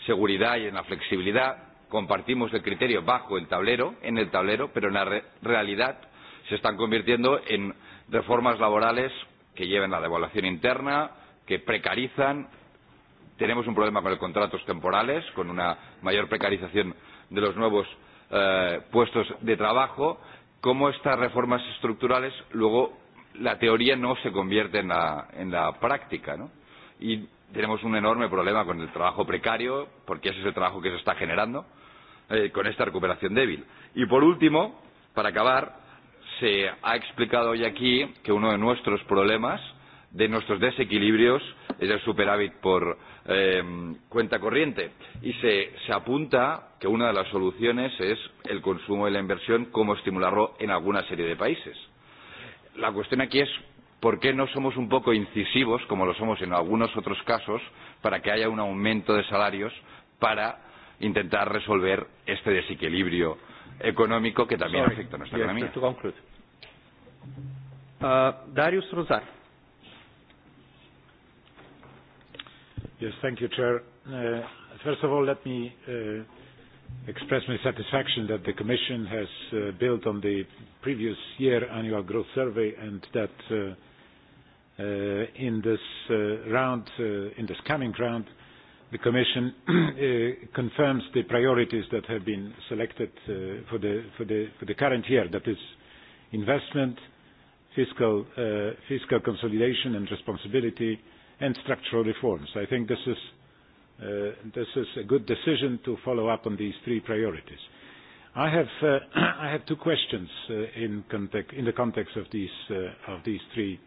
seguridad y en la flexibilidad, compartimos el criterio bajo el tablero, en el tablero, pero en la re realidad se están convirtiendo en reformas laborales que lleven a la devaluación interna, que precarizan, Tenemos un problema con los contratos temporales, con una mayor precarización de los nuevos eh, puestos de trabajo. ¿Cómo estas reformas estructurales luego la teoría no se convierte en la, en la práctica? ¿no? Y tenemos un enorme problema con el trabajo precario, porque ese es el trabajo que se está generando eh, con esta recuperación débil. Y por último, para acabar, se ha explicado hoy aquí que uno de nuestros problemas de nuestros desequilibrios es el superávit por eh, cuenta corriente y se, se apunta que una de las soluciones es el consumo y la inversión, cómo estimularlo en alguna serie de países. La cuestión aquí es por qué no somos un poco incisivos, como lo somos en algunos otros casos, para que haya un aumento de salarios para intentar resolver este desequilibrio económico que también Sorry. afecta a nuestra yes, economía. To conclude. Uh, Darius Rozar. Yes, thank you, Chair. Uh, first of all, let me uh, express my satisfaction that the Commission has uh, built on the previous year annual growth survey and that uh, uh, in this uh, round, uh, in this coming round, the Commission <clears throat> uh, confirms the priorities that have been selected uh, for, the, for, the, for the current year, that is investment, fiscal, uh, fiscal consolidation and responsibility, uh, and structural reforms. I think this is, uh, this is a good decision to follow up on these three priorities. I have, uh, <clears throat> I have two questions uh, in, context, in the context of these, uh, of these three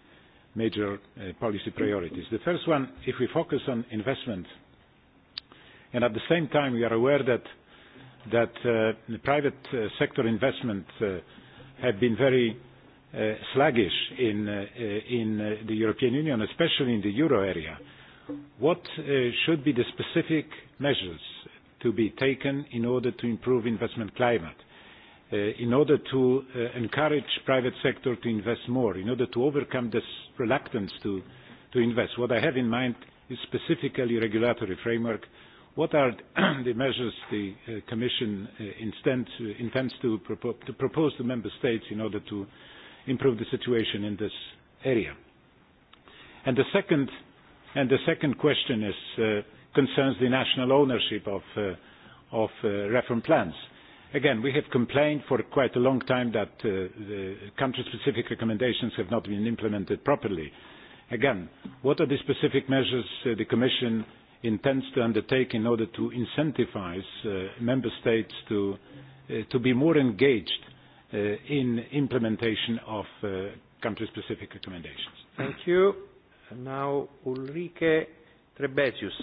major uh, policy priorities. The first one, if we focus on investment, and at the same time we are aware that, that uh, the private uh, sector investment uh, have been very uh, sluggish in, uh, in uh, the European Union, especially in the euro area, what uh, should be the specific measures to be taken in order to improve investment climate? Uh, in order to uh, encourage private sector to invest more, in order to overcome this reluctance to, to invest. What I have in mind is specifically regulatory framework. What are <clears throat> the measures the uh, Commission uh, intends, uh, intends to, propo to propose to Member States in order to uh, improve the situation in this area. And the second, and the second question is, uh, concerns the national ownership of, uh, of uh, reform plans. Again, we have complained for quite a long time that uh, the country-specific recommendations have not been implemented properly. Again, what are the specific measures uh, the Commission intends to undertake in order to incentivize uh, member states to, uh, to be more engaged uh, Uh, in implementation of uh, country-specific recommendations. Thank you. And now Ulrike Trebesius.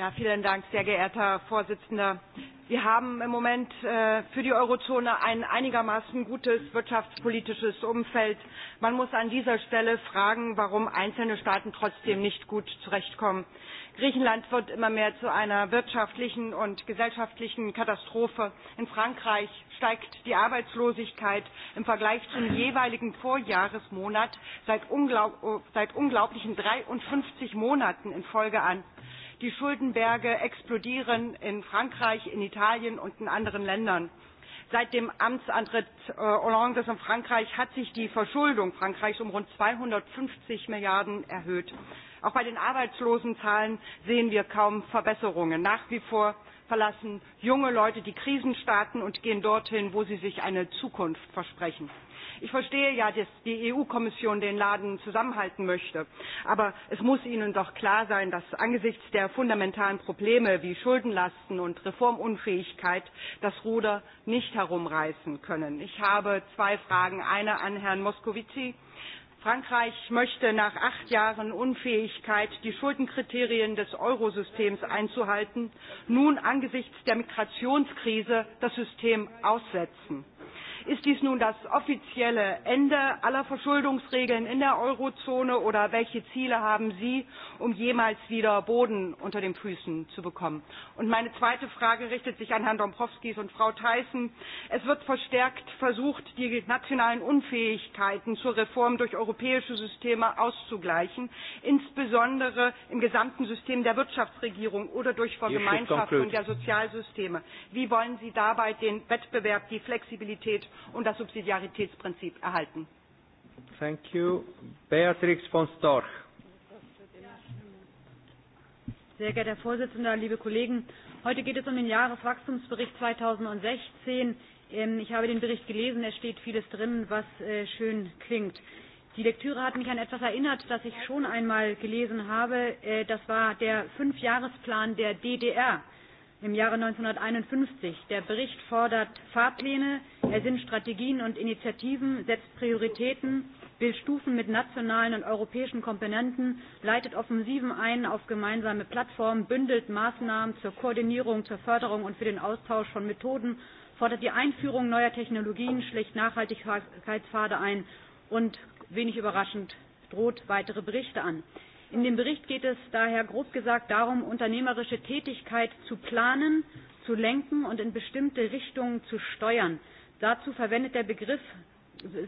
Ja, vielen Dank, sehr geehrter Herr Vorsitzender. Wir haben im Moment äh, für die Eurozone ein einigermaßen gutes wirtschaftspolitisches Umfeld. Man muss an dieser Stelle fragen, warum einzelne Staaten trotzdem nicht gut zurechtkommen. Griechenland wird immer mehr zu einer wirtschaftlichen und gesellschaftlichen Katastrophe. In Frankreich steigt die Arbeitslosigkeit im Vergleich zum jeweiligen Vorjahresmonat seit, unglaub seit unglaublichen 53 Monaten in Folge an die Schuldenberge explodieren in Frankreich, in Italien und in anderen Ländern. Seit dem Amtsantritt äh, Hollandes in Frankreich hat sich die Verschuldung Frankreichs um rund 250 Milliarden erhöht. Auch bei den Arbeitslosenzahlen sehen wir kaum Verbesserungen. Nach wie vor verlassen junge Leute die Krisenstaaten und gehen dorthin, wo sie sich eine Zukunft versprechen. Ich verstehe ja, dass die EU-Kommission den Laden zusammenhalten möchte. Aber es muss Ihnen doch klar sein, dass angesichts der fundamentalen Probleme wie Schuldenlasten und Reformunfähigkeit das Ruder nicht herumreißen können. Ich habe zwei Fragen. Eine an Herrn Moscovici. Frankreich möchte nach acht Jahren Unfähigkeit, die Schuldenkriterien des Eurosystems einzuhalten, nun angesichts der Migrationskrise das System aussetzen ist dies nun das offizielle Ende aller Verschuldungsregeln in der Eurozone oder welche Ziele haben Sie, um jemals wieder Boden unter den Füßen zu bekommen? Und meine zweite Frage richtet sich an Herrn Dombrovskis und Frau Theissen. Es wird verstärkt versucht, die nationalen Unfähigkeiten zur Reform durch europäische Systeme auszugleichen, insbesondere im gesamten System der Wirtschaftsregierung oder durch Vergemeinschaftung der Sozialsysteme. Wie wollen Sie dabei den Wettbewerb, die Flexibilität und das Subsidiaritätsprinzip erhalten. Thank you. Beatrix von Storch. Sehr geehrter Herr Vorsitzender, liebe Kollegen, heute geht es um den Jahreswachstumsbericht 2016. Ähm, ich habe den Bericht gelesen, es steht vieles drin, was äh, schön klingt. Die Lektüre hat mich an etwas erinnert, das ich schon einmal gelesen habe. Äh, das war der Fünfjahresplan der DDR im Jahre 1951. Der Bericht fordert Fahrpläne, er sind Strategien und Initiativen, setzt Prioritäten, will Stufen mit nationalen und europäischen Komponenten, leitet Offensiven ein auf gemeinsame Plattformen, bündelt Maßnahmen zur Koordinierung, zur Förderung und für den Austausch von Methoden, fordert die Einführung neuer Technologien, schlägt Nachhaltigkeitspfade ein und wenig überraschend droht weitere Berichte an. In dem Bericht geht es daher grob gesagt darum, unternehmerische Tätigkeit zu planen, zu lenken und in bestimmte Richtungen zu steuern. Dazu verwendet, der Begriff,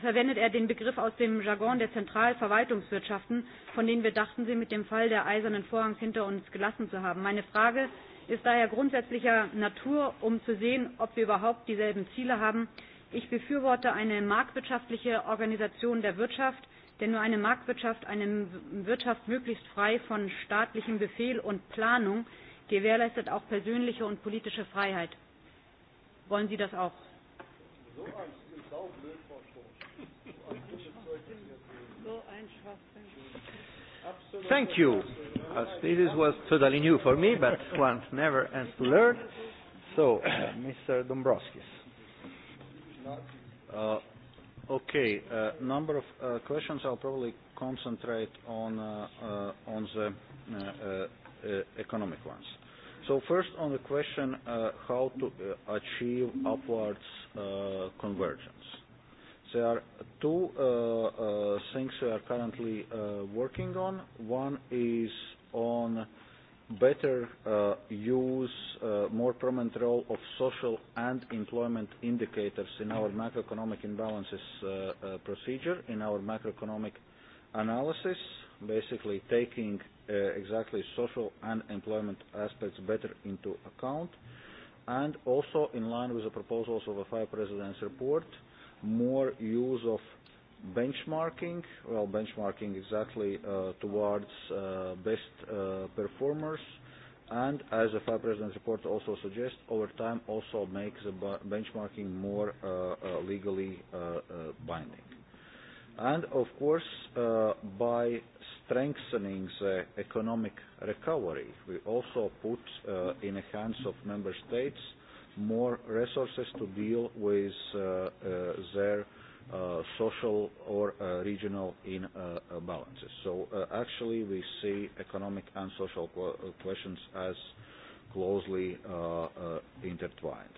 verwendet er den Begriff aus dem Jargon der Zentralverwaltungswirtschaften, von denen wir dachten, sie mit dem Fall der eisernen Vorhangs hinter uns gelassen zu haben. Meine Frage ist daher grundsätzlicher Natur, um zu sehen, ob wir überhaupt dieselben Ziele haben. Ich befürworte eine marktwirtschaftliche Organisation der Wirtschaft, Denn nur eine Marktwirtschaft, eine Wirtschaft möglichst frei von staatlichem Befehl und Planung, gewährleistet auch persönliche und politische Freiheit. Wollen Sie das auch? So ein, so ein Schwachsinn. Thank you. As this was totally new for me, but one never ends to learn. So, <coughs> Mr. Dombrovskis. Uh, Okay. Uh, number of uh, questions. I'll probably concentrate on uh, uh, on the uh, uh, uh, economic ones. So first on the question uh, how to uh, achieve upwards uh, convergence. There are two uh, uh, things we are currently uh, working on. One is on uh, better uh, use, uh, more prominent role of social and employment indicators in our macroeconomic imbalances uh, uh, procedure, in our macroeconomic analysis, basically taking uh, exactly social and employment aspects better into account, and also in line with the proposals of a five presidents report, more use of benchmarking, well, benchmarking exactly uh, towards uh, best uh, performers, and as the five presidents report also suggests, over time also make the benchmarking more uh, uh, legally uh, uh, binding. And of course, uh, by strengthening the economic recovery, we also put uh, in the hands of member states more resources to deal with uh, uh, their uh, uh, social or uh, regional imbalances. So uh, actually we see economic and social qu uh, questions as closely uh, uh, intertwined.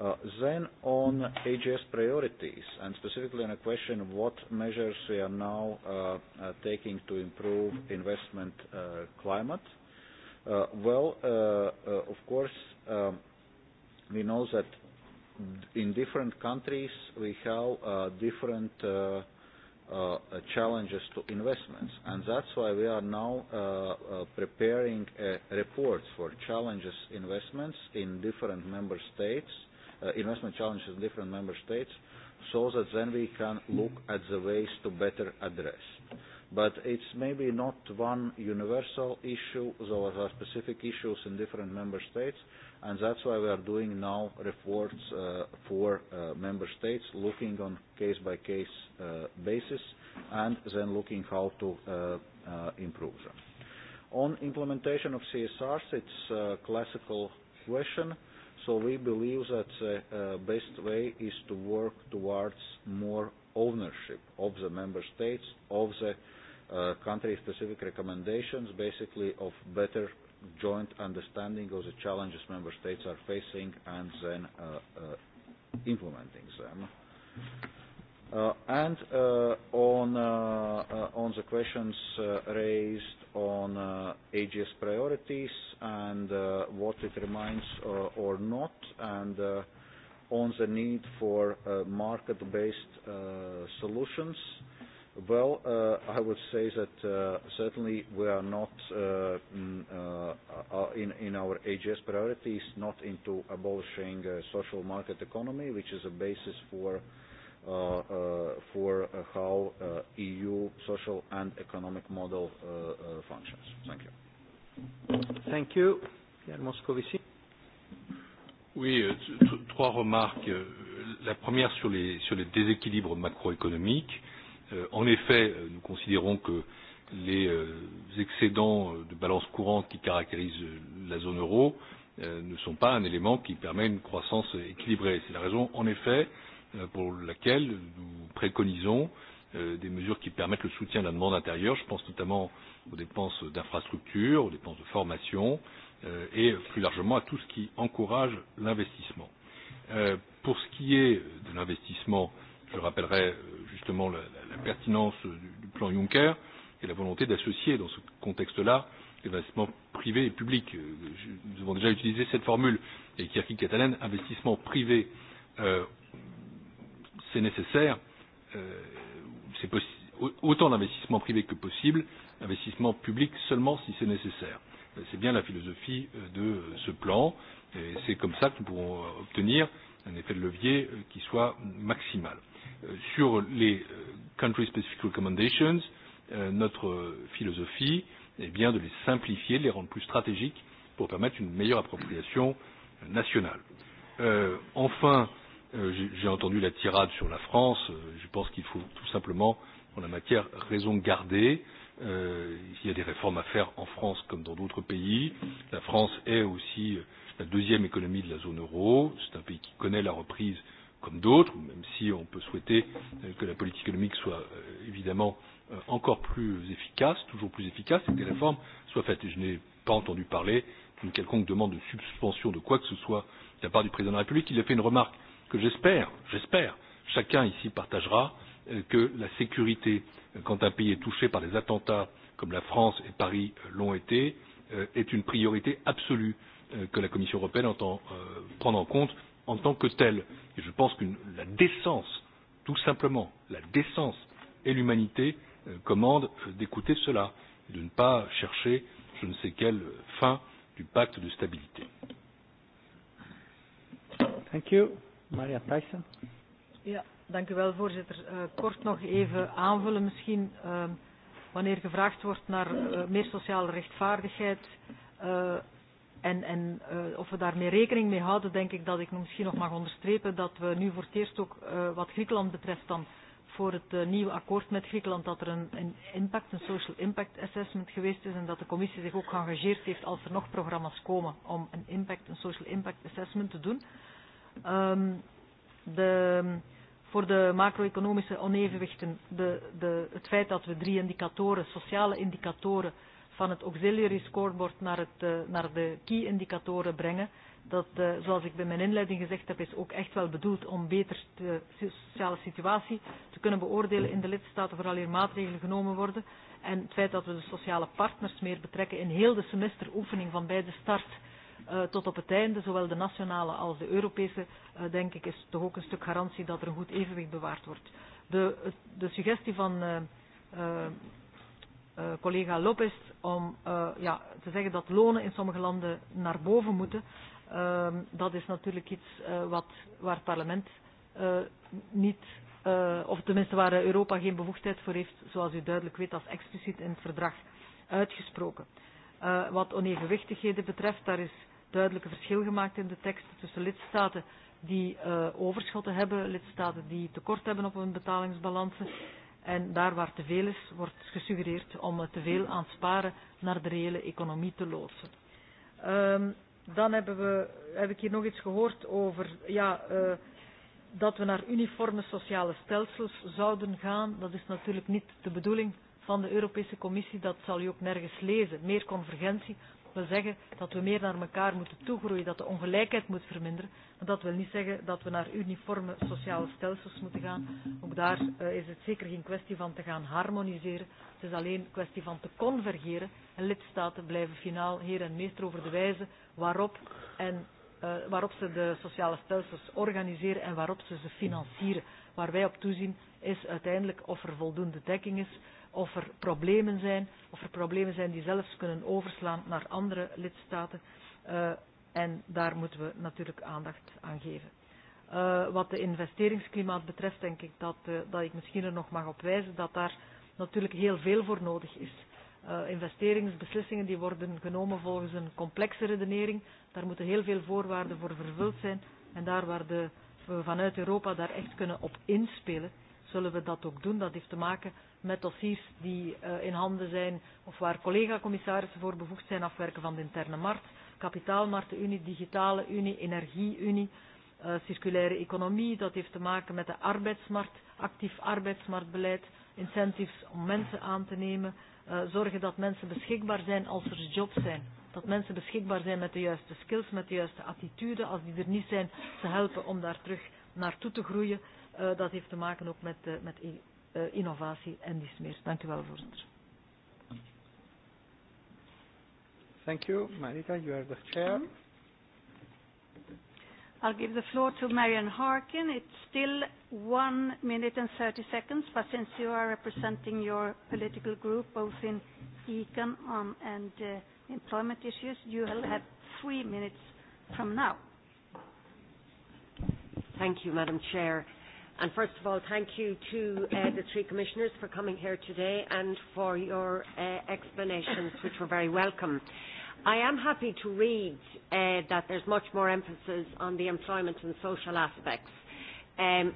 Uh, then on AGS priorities, and specifically on a question what measures we are now uh, uh, taking to improve investment uh, climate. Uh, well, uh, uh, of course, um, we know that in different countries, we have uh, different uh, uh, uh, challenges to investments. And that's why we are now uh, uh, preparing uh, reports for challenges investments in different member states, uh, investment challenges in different member states, so that then we can look at the ways to better address but it's maybe not one universal issue. There are specific issues in different member states, and that's why we are doing now reports uh, for uh, member states, looking on case-by-case -case, uh, basis, and then looking how to uh, uh, improve them. On implementation of CSRs, it's a classical question. So we believe that the uh, uh, best way is to work towards more ownership of the member states, of the uh, uh, country-specific recommendations, basically of better joint understanding of the challenges member states are facing and then uh, uh, implementing them. Uh, and uh, on, uh, uh, on the questions uh, raised on uh, AGS priorities and uh, what it reminds uh, or not, and uh, on the need for uh, market-based uh, solutions, uh, Well, uh, I would say that uh, certainly we are not uh, mm, uh in, in our AGS priorities, not into abolishing uh, social market economy, which is a basis for, uh, for how EU social and economic model functions. Thank you. Thank you. Pierre Moscovici. Oui, euh, trois remarques. Euh, la première sur les, sur les déséquilibres macroéconomiques Euh, en effet, euh, nous considérons que les euh, excédents de balance courante qui caractérisent la zone euro ne sont pas un élément qui permet une croissance équilibrée. C'est la raison, en effet, pour laquelle nous préconisons des mesures qui permettent le soutien de la demande intérieure. Je pense notamment aux dépenses d'infrastructures, aux dépenses de formation et plus largement à tout ce qui encourage l'investissement. Pour ce qui est de l'investissement, je rappellerai justement la la pertinence du plan Juncker et la volonté d'associer dans ce contexte là l'investissement privé et public. Euh, nous avons déjà utilisé cette formule et qui applique catalane investissement privé euh, c'est nécessaire euh, c'est autant d'investissement privé que possible, investissement public seulement si c'est nécessaire. Euh, c'est bien la philosophie euh, de ce plan et c'est comme ça que nous pourrons obtenir un effet de levier qui soit maximal sur les euh, country specific recommendations, euh, notre euh, philosophie est bien de les simplifier, de les rendre plus stratégiques pour permettre une meilleure appropriation euh, nationale. Euh, enfin, euh, j'ai entendu la tirade sur la France, euh, je pense qu'il faut tout simplement, en la matière, raison garder. Euh, il y a des réformes à faire en France comme dans d'autres pays. La France est aussi la deuxième économie de la zone euro, c'est un pays qui connaît la reprise euh, comme d'autres, même si on peut souhaiter euh, que la politique économique soit euh, évidemment euh, encore plus efficace, toujours plus efficace, et que des réformes soient faites. Et je n'ai pas entendu parler d'une quelconque demande de suspension de quoi que ce soit de la part du président de la République. Il a fait une remarque que j'espère, j'espère, chacun ici partagera, que la sécurité, quand un pays est touché par des attentats comme la France et Paris l'ont été, est une priorité absolue que la Commission européenne entend prendre en compte en tant que telle. Et je pense que la décence, tout simplement, la décence et l'humanité euh, commandent euh, d'écouter cela, et de ne pas chercher je ne sais quelle fin du pacte de stabilité. Thank you. Maria Thijssen. Ja, dank u wel, voorzitter. Uh, kort nog even aanvullen misschien. Uh, wanneer gevraagd wordt naar uh, meer sociale rechtvaardigheid, uh, En, en uh, of we daarmee rekening mee houden, denk ik dat ik misschien nog mag onderstrepen dat we nu voor het eerst ook uh, wat Griekenland betreft dan voor het uh, nieuwe akkoord met Griekenland dat er een, een impact, een social impact assessment geweest is en dat de commissie zich ook geëngageerd heeft als er nog programma's komen om een impact, een social impact assessment te doen. Um, de, voor de macro-economische onevenwichten, de, de, het feit dat we drie indicatoren, sociale indicatoren, uh, van het auxiliary scoreboard naar, het, uh, naar de key-indicatoren brengen. Dat, uh, zoals ik bij mijn inleiding gezegd heb, is ook echt wel bedoeld om beter de sociale situatie te kunnen beoordelen in de lidstaten, vooral hier maatregelen genomen worden. En het feit dat we de sociale partners meer betrekken in heel de semesteroefening van bij de start uh, tot op het einde, zowel de nationale als de Europese, uh, denk ik, is toch ook een stuk garantie dat er een goed evenwicht bewaard wordt. De, de suggestie van... Uh, uh, uh, collega Lopez om uh, ja, te zeggen dat lonen in sommige landen naar boven moeten. Uh, dat is natuurlijk iets uh, wat, waar het parlement uh, niet, uh, of tenminste waar Europa geen bevoegdheid voor heeft, zoals u duidelijk weet, dat is expliciet in het verdrag uitgesproken. Uh, wat onevenwichtigheden betreft, daar is duidelijke verschil gemaakt in de tekst tussen lidstaten die uh, overschotten hebben, lidstaten die tekort hebben op hun betalingsbalansen En daar waar te veel is, wordt gesuggereerd om te veel aan het sparen naar de reële economie te loodsen. Um, dan hebben we, heb ik hier nog iets gehoord over ja, uh, dat we naar uniforme sociale stelsels zouden gaan. Dat is natuurlijk niet de bedoeling van de Europese Commissie, dat zal u ook nergens lezen. Meer convergentie, wil zeggen dat we meer naar elkaar moeten toegroeien, dat de ongelijkheid moet verminderen. Maar dat wil niet zeggen dat we naar uniforme sociale stelsels moeten gaan. Ook daar uh, is het zeker geen kwestie van te gaan harmoniseren. Het is alleen een kwestie van te convergeren. En lidstaten blijven finaal heer en meester over de wijze waarop, en, uh, waarop ze de sociale stelsels organiseren en waarop ze ze financieren. Waar wij op toezien is uiteindelijk of er voldoende dekking is of er problemen zijn, of er problemen zijn die zelfs kunnen overslaan naar andere lidstaten. Uh, en daar moeten we natuurlijk aandacht aan geven. Uh, wat de investeringsklimaat betreft denk ik dat, uh, dat ik misschien er nog mag op wijzen dat daar natuurlijk heel veel voor nodig is. Uh, investeringsbeslissingen die worden genomen volgens een complexe redenering. Daar moeten heel veel voorwaarden voor vervuld zijn. En daar waar de, we vanuit Europa daar echt kunnen op inspelen, zullen we dat ook doen. Dat heeft te maken met dossiers die uh, in handen zijn of waar collega-commissarissen voor bevoegd zijn afwerken van de interne markt, kapitaalmarktenunie, digitale unie, energieunie, uh, circulaire economie. Dat heeft te maken met de arbeidsmarkt, actief arbeidsmarktbeleid, incentives om mensen aan te nemen, uh, zorgen dat mensen beschikbaar zijn als er jobs zijn. Dat mensen beschikbaar zijn met de juiste skills, met de juiste attitude. Als die er niet zijn, ze helpen om daar terug naartoe te groeien. Uh, dat heeft te maken ook met, uh, met e Eh, innovatie en niets meer. Dank u wel, voorzitter. Thank you. Marita, you are the chair. Mm-hmm. I'll give the floor to Marian Harkin. It's still one minute and 30 seconds, but since you are representing your political group, both in econ um, and uh, employment issues, you will have three minutes from now. Thank you, Madam Chair. And first of all, thank you to uh, the three commissioners for coming here today and for your uh, explanations, which were very welcome. I am happy to read uh, that there's much more emphasis on the employment and social aspects. Um,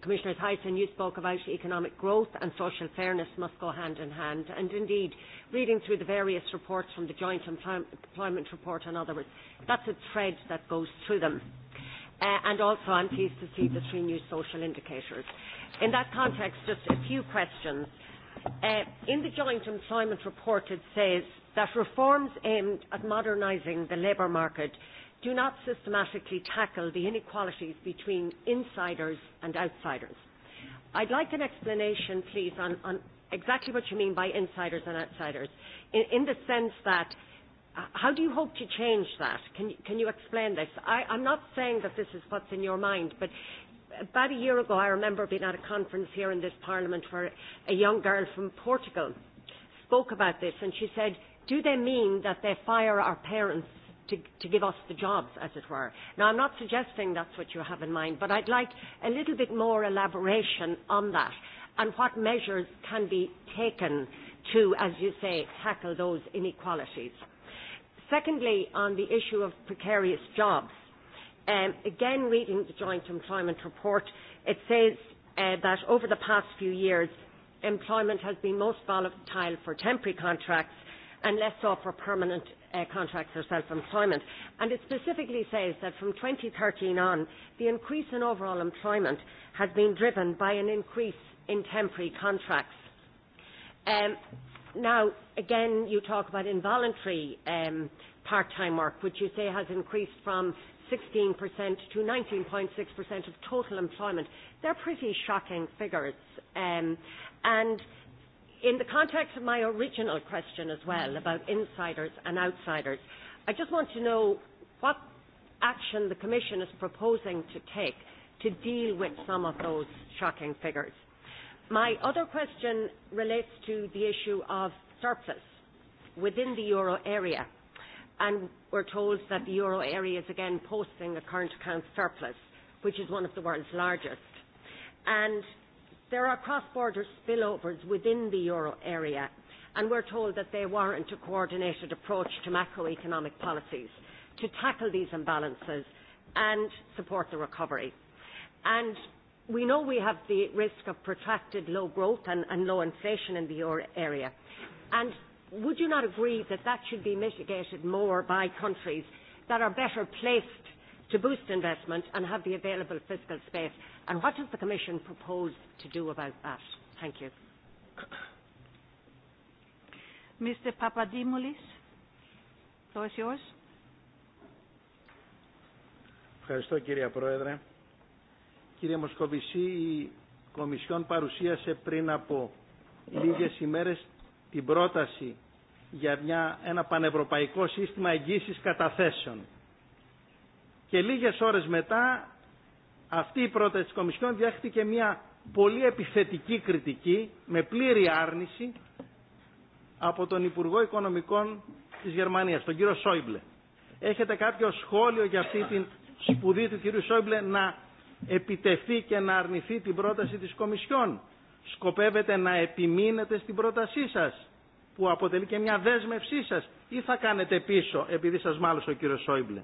Commissioner Tyson, you spoke about economic growth and social fairness must go hand in hand. And indeed, reading through the various reports from the Joint Employment Report and others, that's a thread that goes through them. Uh, Uh, and also I'm pleased to see the three new social indicators. In that context, just a few questions. Uh, in the joint employment report, it says that reforms aimed at modernising the labour market do not systematically tackle the inequalities between insiders and outsiders. I'd like an explanation, please, on, on exactly what you mean by insiders and outsiders, in, in the sense that How do you hope to change that? Can, can you explain this? I, I'm not saying that this is what's in your mind, but about a year ago, I remember being at a conference here in this parliament where a young girl from Portugal spoke about this, and she said, do they mean that they fire our parents to, to give us the jobs, as it were? Now, I'm not suggesting that's what you have in mind, but I'd like a little bit more elaboration on that and what measures can be taken to, as you say, tackle those inequalities. Secondly, on the issue of precarious jobs, um, again reading the Joint Employment Report, it says uh, that over the past few years, employment has been most volatile for temporary contracts and less so for permanent uh, contracts or self-employment. And it specifically says that from 2013 on, the increase in overall employment has been driven by an increase in temporary contracts. Um, Now, again, you talk about involuntary um, part-time work, which you say has increased from 16% to 19.6% of total employment. They're pretty shocking figures. Um, and in the context of my original question as well about insiders and outsiders, I just want to know what action the Commission is proposing to take to deal with some of those shocking figures. My other question relates to the issue of surplus within the euro area, and we're told that the euro area is again posting a current account surplus, which is one of the world's largest. And there are cross-border spillovers within the euro area, and we're told that they warrant a coordinated approach to macroeconomic policies to tackle these imbalances and support the recovery. And we know we have the risk of protracted low growth and, and low inflation in the euro area. And would you not agree that that should be mitigated more by countries that are better placed to boost investment and have the available fiscal space? And what does the Commission propose to do about that? Thank you. Mr. Papadimoulis, the floor is yours. Ευχαριστώ κύριε Πρόεδρε. Κύριε Μοσκοβισή, η Κομισιόν παρουσίασε πριν από λίγες ημέρες την πρόταση για μια, ένα πανευρωπαϊκό σύστημα εγγύησης καταθέσεων. Και λίγες ώρες μετά αυτή η πρόταση της Κομισιόν διάχθηκε μια πολύ επιθετική κριτική με πλήρη άρνηση από τον Υπουργό Οικονομικών της Γερμανίας, τον κύριο Σόιμπλε. Έχετε κάποιο σχόλιο για αυτή την σπουδή του κύριου Σόιμπλε να επιτευχθεί και να αρνηθεί την πρόταση της Κομισιόν. Σκοπεύετε να επιμείνετε στην πρότασή σας, που αποτελεί και μια δέσμευσή σας, ή θα κάνετε πίσω, επειδή σας μάλωσε ο κύριος Σόιμπλε.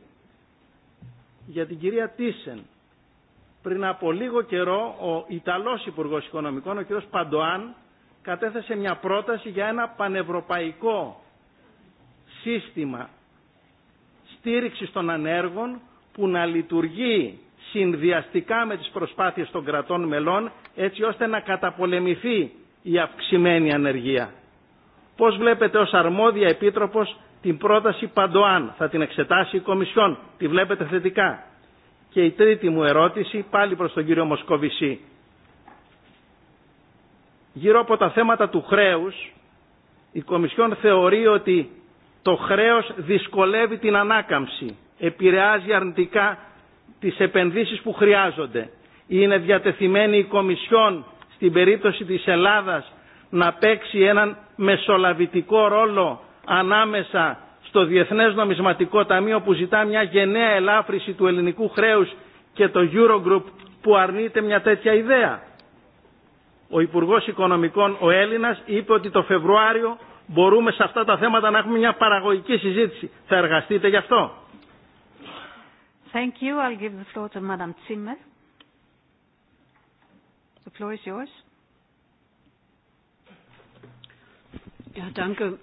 Για την κυρία Τίσεν, πριν από λίγο καιρό ο Ιταλός Υπουργός Οικονομικών, ο κύριος Παντοάν, κατέθεσε μια πρόταση για ένα πανευρωπαϊκό σύστημα στήριξης των ανέργων που να λειτουργεί συνδυαστικά με τις προσπάθειες των κρατών μελών έτσι ώστε να καταπολεμηθεί η αυξημένη ανεργία. Πώς βλέπετε ως αρμόδια επίτροπος την πρόταση Παντοάν, θα την εξετάσει η Κομισιόν, τη βλέπετε θετικά. Και η τρίτη μου ερώτηση πάλι προς τον κύριο Μοσκοβισή. Γύρω από τα θέματα του χρέους, η Κομισιόν θεωρεί ότι το χρέος δυσκολεύει την ανάκαμψη, επηρεάζει αρνητικά τις επενδύσεις που χρειάζονται. Είναι διατεθειμένη η Κομισιόν στην περίπτωση της Ελλάδας να παίξει έναν μεσολαβητικό ρόλο ανάμεσα στο Διεθνές Νομισματικό Ταμείο που ζητά μια γενναία ελάφρυση του ελληνικού χρέους και το Eurogroup που αρνείται μια τέτοια ιδέα. Ο Υπουργός Οικονομικών, ο Έλληνας, είπε ότι το Φεβρουάριο μπορούμε σε αυτά τα θέματα να έχουμε μια παραγωγική συζήτηση. Θα εργαστείτε γι' αυτό. Thank you. I'll give the floor to Madam Zimmer. The floor is yours. Ja, danke.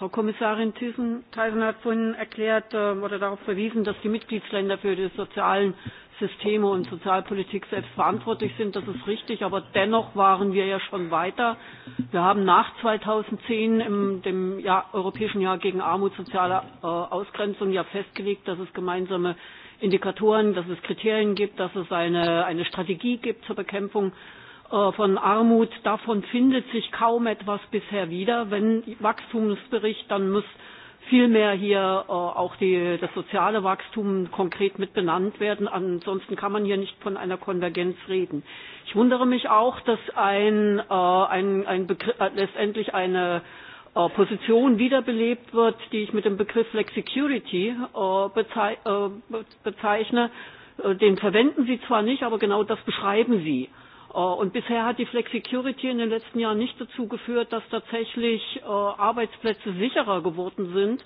Frau Kommissarin Thyssen hat vorhin erklärt äh, oder darauf verwiesen, dass die Mitgliedsländer für die sozialen Systeme und Sozialpolitik selbst verantwortlich sind. Das ist richtig, aber dennoch waren wir ja schon weiter. Wir haben nach 2010 im dem Jahr, Europäischen Jahr gegen Armut, soziale äh, Ausgrenzung ja festgelegt, dass es gemeinsame Indikatoren, dass es Kriterien gibt, dass es eine, eine Strategie gibt zur Bekämpfung äh, von Armut. Davon findet sich kaum etwas bisher wieder. Wenn Wachstumsbericht, dann muss vielmehr hier äh, auch die, das soziale Wachstum konkret mit benannt werden. Ansonsten kann man hier nicht von einer Konvergenz reden. Ich wundere mich auch, dass ein, äh, ein, ein Begr äh, letztendlich eine äh, Position wiederbelebt wird, die ich mit dem Begriff Flexicurity äh, bezei äh, bezeichne. Äh, den verwenden Sie zwar nicht, aber genau das beschreiben Sie. Äh, und bisher hat die Flexicurity in den letzten Jahren nicht dazu geführt, dass tatsächlich äh, Arbeitsplätze sicherer geworden sind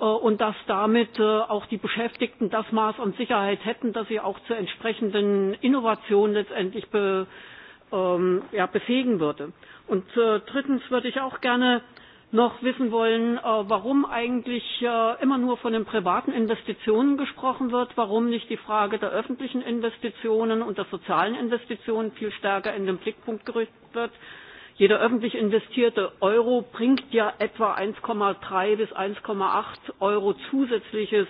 äh, und dass damit äh, auch die Beschäftigten das Maß an Sicherheit hätten, dass sie auch zu entsprechenden Innovationen letztendlich be, ähm, ja, befähigen würde. Und äh, drittens würde ich auch gerne äh, noch wissen wollen, äh, warum eigentlich äh, immer nur von den privaten Investitionen gesprochen wird, warum nicht die Frage der öffentlichen Investitionen und der sozialen Investitionen viel stärker in den Blickpunkt gerückt wird. Jeder öffentlich investierte Euro bringt ja etwa 1,3 bis 1,8 Euro zusätzliches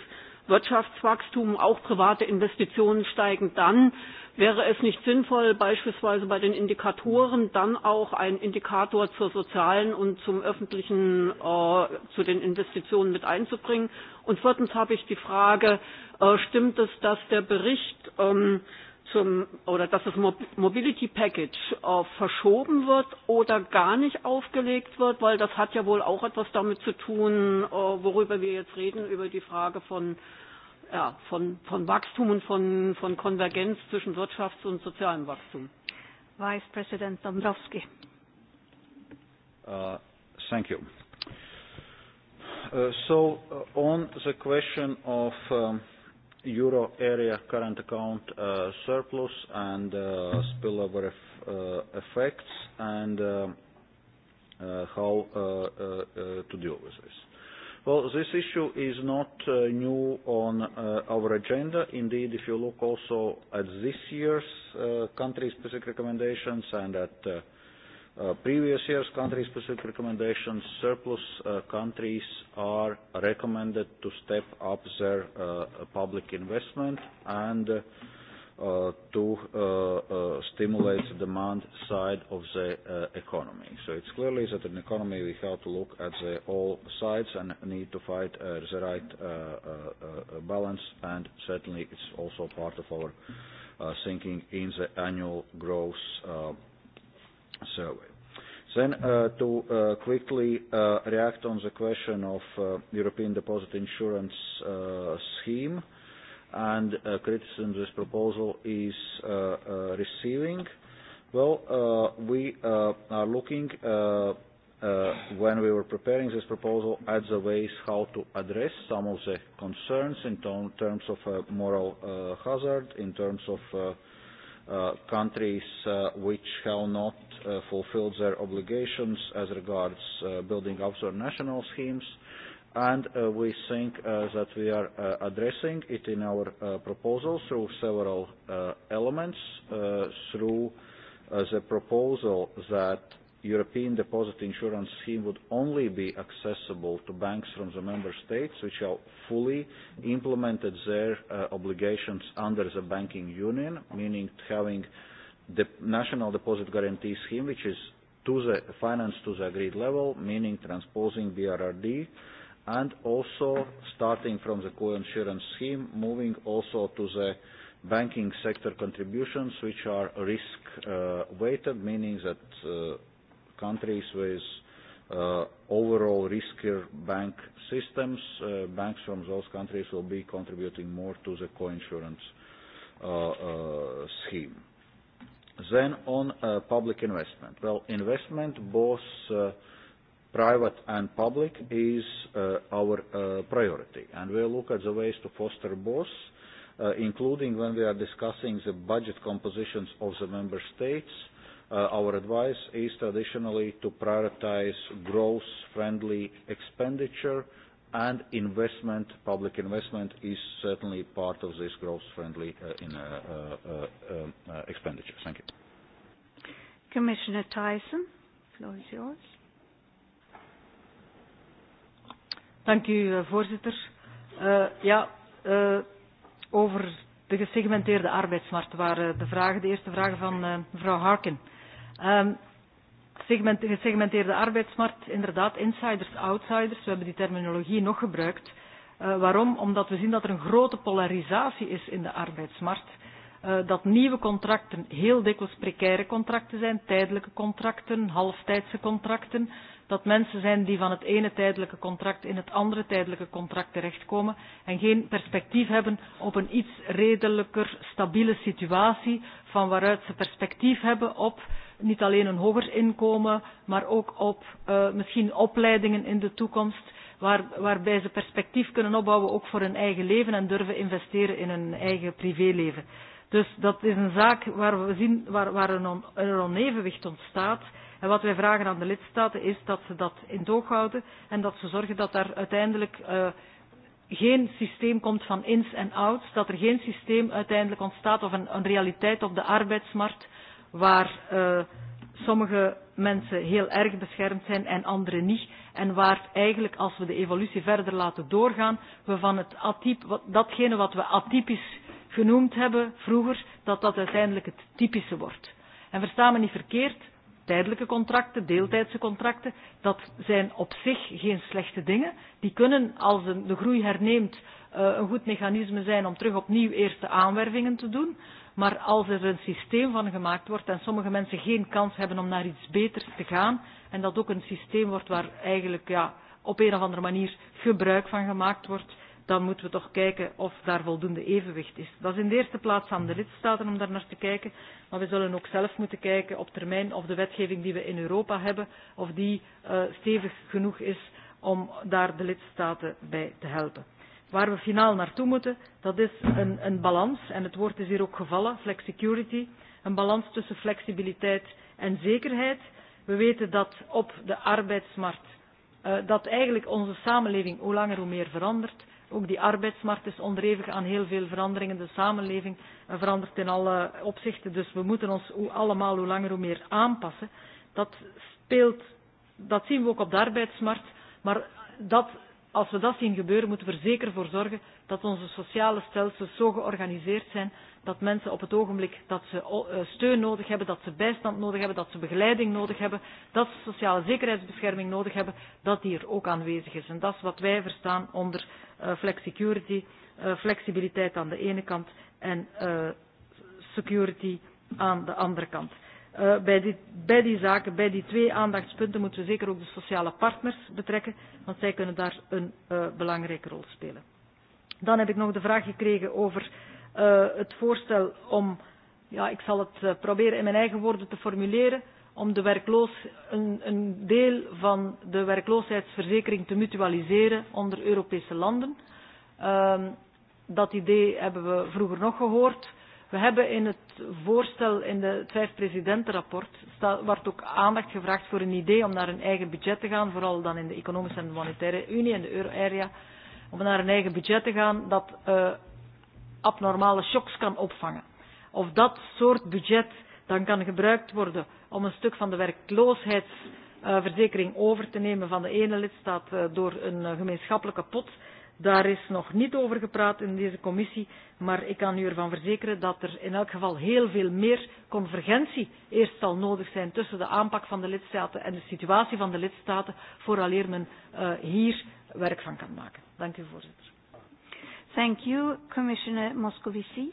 Wirtschaftswachstum. Auch private Investitionen steigen dann, Wäre es nicht sinnvoll, beispielsweise bei den Indikatoren dann auch einen Indikator zur sozialen und zum öffentlichen, äh, zu den Investitionen mit einzubringen? Und viertens habe ich die Frage, äh, stimmt es, dass der Bericht ähm, zum, oder dass das Mobility Package äh, verschoben wird oder gar nicht aufgelegt wird, weil das hat ja wohl auch etwas damit zu tun, äh, worüber wir jetzt reden, über die Frage von äh, ja, von, von Wachstum und von, von Konvergenz zwischen Wirtschafts- und sozialem Wachstum. Vice President Dombrovski. Uh, thank you. Uh, so, uh, on the question of um, euro area current account uh, surplus and uh, spillover ef uh, effects and uh, uh, how uh, uh, uh, to deal with this. Well, this issue is not uh, new on uh, our agenda. Indeed, if you look also at this year's uh, country-specific recommendations and at uh, uh, previous year's country-specific recommendations, surplus uh, countries are recommended to step up their uh, public investment and uh, uh, to uh, uh, stimulate the demand side of the uh, economy. So it's clearly that in economy we have to look at the all sides and need to find uh, the right uh, uh, uh, balance and certainly it's also part of our uh, thinking in the annual growth uh, survey. Then uh, to uh, quickly uh, react on the question of uh, European Deposit Insurance uh, Scheme, uh, and uh, criticism this proposal is uh, uh, receiving. Well, uh, we uh, are looking uh, uh, when we were preparing this proposal at the ways how to address some of the concerns in terms of uh, moral uh, hazard, in terms of uh, uh, countries uh, which have not uh, fulfilled their obligations as regards uh, building up their national schemes, uh, and uh, we think uh, that we are uh, addressing it in our uh, proposal through several uh, elements, uh, through uh, the proposal that European Deposit Insurance Scheme would only be accessible to banks from the member states which have fully implemented their uh, obligations under the banking union, meaning having the national deposit guarantee scheme which is to the finance to the agreed level, meaning transposing BRRD, uh, and also starting from the co-insurance scheme, moving also to the banking sector contributions, which are risk-weighted, uh, meaning that uh, countries with uh, overall riskier bank systems, uh, banks from those countries will be contributing more to the co-insurance uh, uh, scheme. Then on uh, public investment. Well, investment both uh, private and public is uh, our uh, priority. And we'll look at the ways to foster both, uh, including when we are discussing the budget compositions of the member states. Uh, our advice is traditionally to prioritize growth-friendly expenditure and investment, public investment is certainly part of this growth-friendly uh, in, uh, uh, uh, um, uh, expenditure. Thank you. Commissioner Tyson, floor is yours. Dank u, eh, voorzitter. Uh, ja, uh, over de gesegmenteerde arbeidsmarkt waren de vragen. De eerste vragen van uh, mevrouw Harkin. Um, segment, gesegmenteerde arbeidsmarkt, inderdaad, insiders, outsiders. We hebben die terminologie nog gebruikt. Uh, waarom? Omdat we zien dat er een grote polarisatie is in de arbeidsmarkt. Eh, dat nieuwe contracten heel dikwijls precaire contracten zijn, tijdelijke contracten, halftijdse contracten. Dat mensen zijn die van het ene tijdelijke contract in het andere tijdelijke contract terechtkomen en geen perspectief hebben op een iets redelijker, stabiele situatie van waaruit ze perspectief hebben op niet alleen een hoger inkomen, maar ook op uh, misschien opleidingen in de toekomst waar, waarbij ze perspectief kunnen opbouwen ook voor hun eigen leven en durven investeren in hun eigen privéleven. Dus dat is een zaak waar we zien waar, waar een, on, een onevenwicht ontstaat. En wat wij vragen aan de lidstaten is dat ze dat in doog houden en dat ze zorgen dat daar er uiteindelijk uh, geen systeem komt van ins en outs, dat er geen systeem uiteindelijk ontstaat of een, een realiteit op de arbeidsmarkt waar uh, sommige mensen heel erg beschermd zijn en anderen niet. En waar eigenlijk als we de evolutie verder laten doorgaan, we van het atyp, datgene wat we atypisch genoemd hebben vroeger, dat dat uiteindelijk het typische wordt. En versta me niet verkeerd, tijdelijke contracten, deeltijdse contracten, dat zijn op zich geen slechte dingen. Die kunnen, als de groei herneemt, eh, een goed mechanisme zijn om terug opnieuw eerste aanwervingen te doen. Maar als er een systeem van gemaakt wordt en sommige mensen geen kans hebben om naar iets beters te gaan, en dat ook een systeem wordt waar eigenlijk ja, op een of andere manier gebruik van gemaakt wordt, dan moeten we toch kijken of daar voldoende evenwicht is. Dat is in de eerste plaats aan de lidstaten om daar naar te kijken, maar we zullen ook zelf moeten kijken op termijn of de wetgeving die we in Europa hebben, of die uh, stevig genoeg is om daar de lidstaten bij te helpen. Waar we finaal naartoe moeten, dat is een, een balans, en het woord is hier ook gevallen, flexicurity, een balans tussen flexibiliteit en zekerheid. We weten dat op de arbeidsmarkt, uh, dat eigenlijk onze samenleving hoe langer hoe meer verandert Ook die arbeidsmarkt is onderhevig aan heel veel veranderingen. De samenleving verandert in alle opzichten. Dus we moeten ons allemaal hoe langer hoe meer aanpassen. Dat speelt, dat zien we ook op de arbeidsmarkt. Maar dat Als we dat zien gebeuren, moeten we er zeker voor zorgen dat onze sociale stelsels zo georganiseerd zijn dat mensen op het ogenblik dat ze eh, steun nodig hebben, dat ze bijstand nodig hebben, dat ze begeleiding nodig hebben, dat ze sociale zekerheidsbescherming nodig hebben, dat die er ook aanwezig is. En dat is wat wij verstaan onder uh, flexicurity, uh, flexibiliteit aan de ene kant en uh, security aan de andere kant. Uh, bij, die, bij die zaken, bij die twee aandachtspunten, moeten we zeker ook de sociale partners betrekken, want zij kunnen daar een uh, belangrijke rol spelen. Dan heb ik nog de vraag gekregen over uh, het voorstel om, ja, ik zal het uh, proberen in mijn eigen woorden te formuleren, om de werkloos, een, een deel van de werkloosheidsverzekering te mutualiseren onder Europese landen. Uh, dat idee hebben we vroeger nog gehoord. Uh, We hebben in het voorstel in de, het vijf-presidentenrapport, wordt ook aandacht gevraagd voor een idee om naar een eigen budget te gaan, vooral dan in de Economische en Monetaire Unie en de euro-area, om naar een eigen budget te gaan dat uh, abnormale shocks kan opvangen. Of dat soort budget dan kan gebruikt worden om een stuk van de werkloosheidsverzekering over te nemen van de ene lidstaat eh, door een eh, gemeenschappelijke pot, Daar is nog niet over gepraat in deze commissie, maar ik kan u ervan verzekeren dat er in elk geval heel veel meer convergentie eerst zal nodig zijn tussen de aanpak van de lidstaten en de situatie van de lidstaten, vooraleer men uh, hier werk van kan maken. Dank u voorzitter. Thank you, Commissioner Moscovici.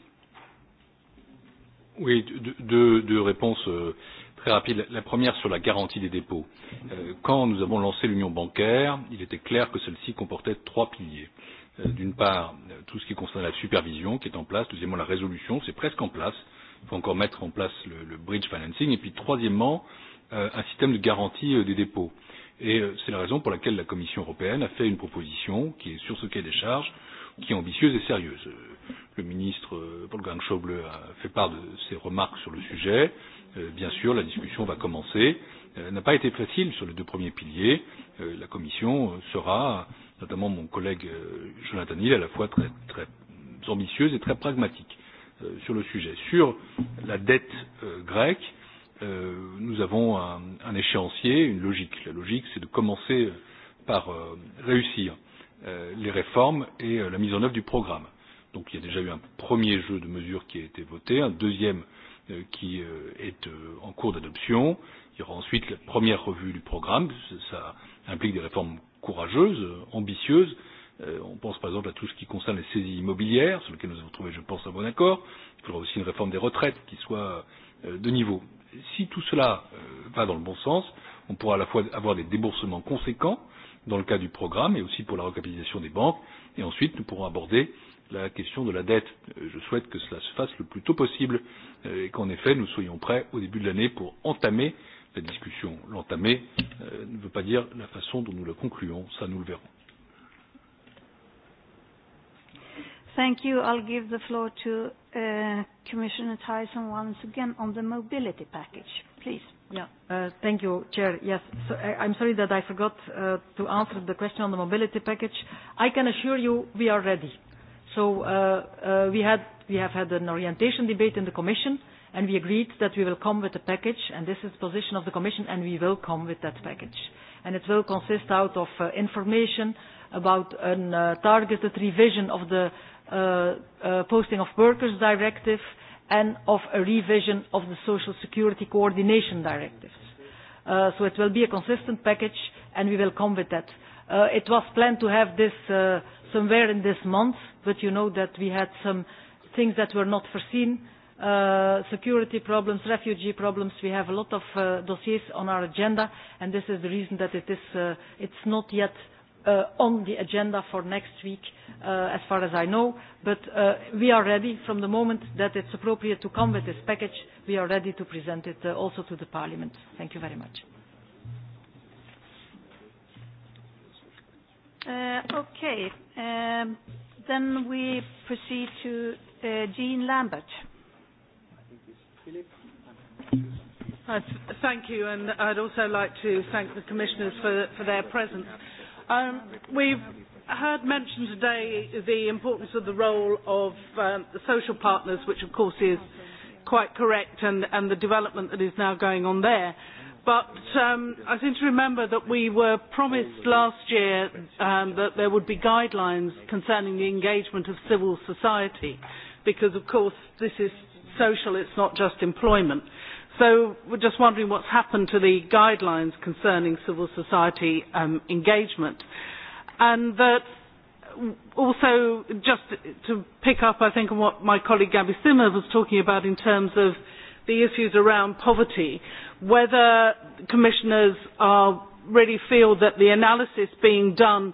Oui, deux, deux réponses. Euh très rapide. La première sur la garantie des dépôts. Euh, quand nous avons lancé l'union bancaire, il était clair que celle-ci comportait trois piliers. Euh, d'une part, euh, tout ce qui concerne la supervision qui est en place. Deuxièmement, la résolution, c'est presque en place. Il faut encore mettre en place le, le bridge financing. Et puis, troisièmement, un système de garantie des dépôts. Et c'est la raison pour laquelle la Commission européenne a fait une proposition qui est sur ce quai des charges, qui est ambitieuse et sérieuse. Le ministre Wolfgang Schauble a fait part de ses remarques sur le sujet. Euh, Euh, bien sûr, la discussion va commencer. Elle euh, n'a pas été facile sur les deux premiers piliers. Euh, la Commission sera, notamment mon collègue Jonathan Hill, à la fois très, très ambitieuse et très pragmatique sur le sujet. Sur la dette grecque, nous avons un, un échéancier, une logique. La logique, c'est de commencer par réussir les réformes et la mise en œuvre du programme. Donc il y a déjà eu un premier jeu de mesures qui a été voté, un deuxième euh, Euh, qui euh, est euh, en cours d'adoption. Il y aura ensuite la première revue du programme. Ça implique des réformes courageuses, ambitieuses. On pense par exemple à tout ce qui concerne les saisies immobilières, sur lesquelles nous avons trouvé, je pense, un bon accord. Il faudra aussi une réforme des retraites qui soit de niveau. Si tout cela va dans le bon sens, on pourra à la fois avoir des déboursements conséquents dans le cadre du programme et aussi pour la recapitalisation des banques. Et ensuite, nous pourrons aborder la question de la dette. Je souhaite que cela se fasse le plus tôt possible euh, et qu'en effet nous soyons prêts au début de l'année pour entamer la discussion. L'entamer euh, ne veut pas dire la façon dont nous la concluons, ça nous le verrons. Thank you. I'll give the floor to uh, Commissioner Tyson once again on the mobility package. Please. Yeah. Uh, thank you, Chair. Yes. So, I, uh, I'm sorry that I forgot uh, to answer the question on the mobility package. I can assure you we are ready. So uh, uh, we, had, we have had an orientation debate in the Commission, and we agreed that we will come with a package, and this is the position of the Commission, and we will come with that package. And it will consist out of uh, information about a uh, targeted revision of the uh, uh, Posting of Workers Directive and of a revision of the Social Security Coordination Directive. Uh, so it will be a consistent package, and we will come with that. Uh, it was planned to have this uh, somewhere in this month, but you know that we had some things that were not foreseen, uh, security problems, refugee problems. We have a lot of uh, dossiers on our agenda, and this is the reason that it is, uh, it's not yet uh, on the agenda for next week, uh, as far as I know. But uh, we are ready from the moment that it's appropriate to come with this package. We are ready to present it uh, also to the Parliament. Thank you very much. Uh, okay. Um, then we proceed to uh, Jean Lambert. I think it's Philip. Uh, thank you, and I'd also like to thank the commissioners for, for their presence. Um, we've heard mentioned today the importance of the role of um, the social partners, which of course is quite correct, and, and the development that is now going on there. But um, I seem to remember that we were promised last year um, that there would be guidelines concerning the engagement of civil society, because of course this is social, it's not just employment. So we're just wondering what's happened to the guidelines concerning civil society um, engagement. And that also, just to pick up, I think, on what my colleague Gabby Simmer was talking about in terms of the issues around poverty, whether commissioners are, really feel that the analysis being done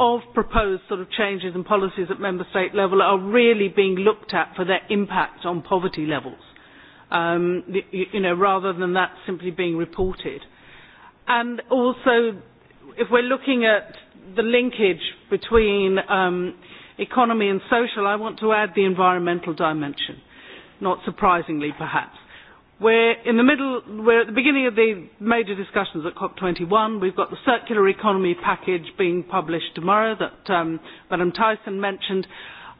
of proposed sort of changes and policies at member state level are really being looked at for their impact on poverty levels, um, you, you know, rather than that simply being reported. And also, if we're looking at the linkage between um, economy and social, I want to add the environmental dimension, not surprisingly perhaps. We're in the middle, we're at the beginning of the major discussions at COP21. We've got the circular economy package being published tomorrow that um, Madam Tyson mentioned.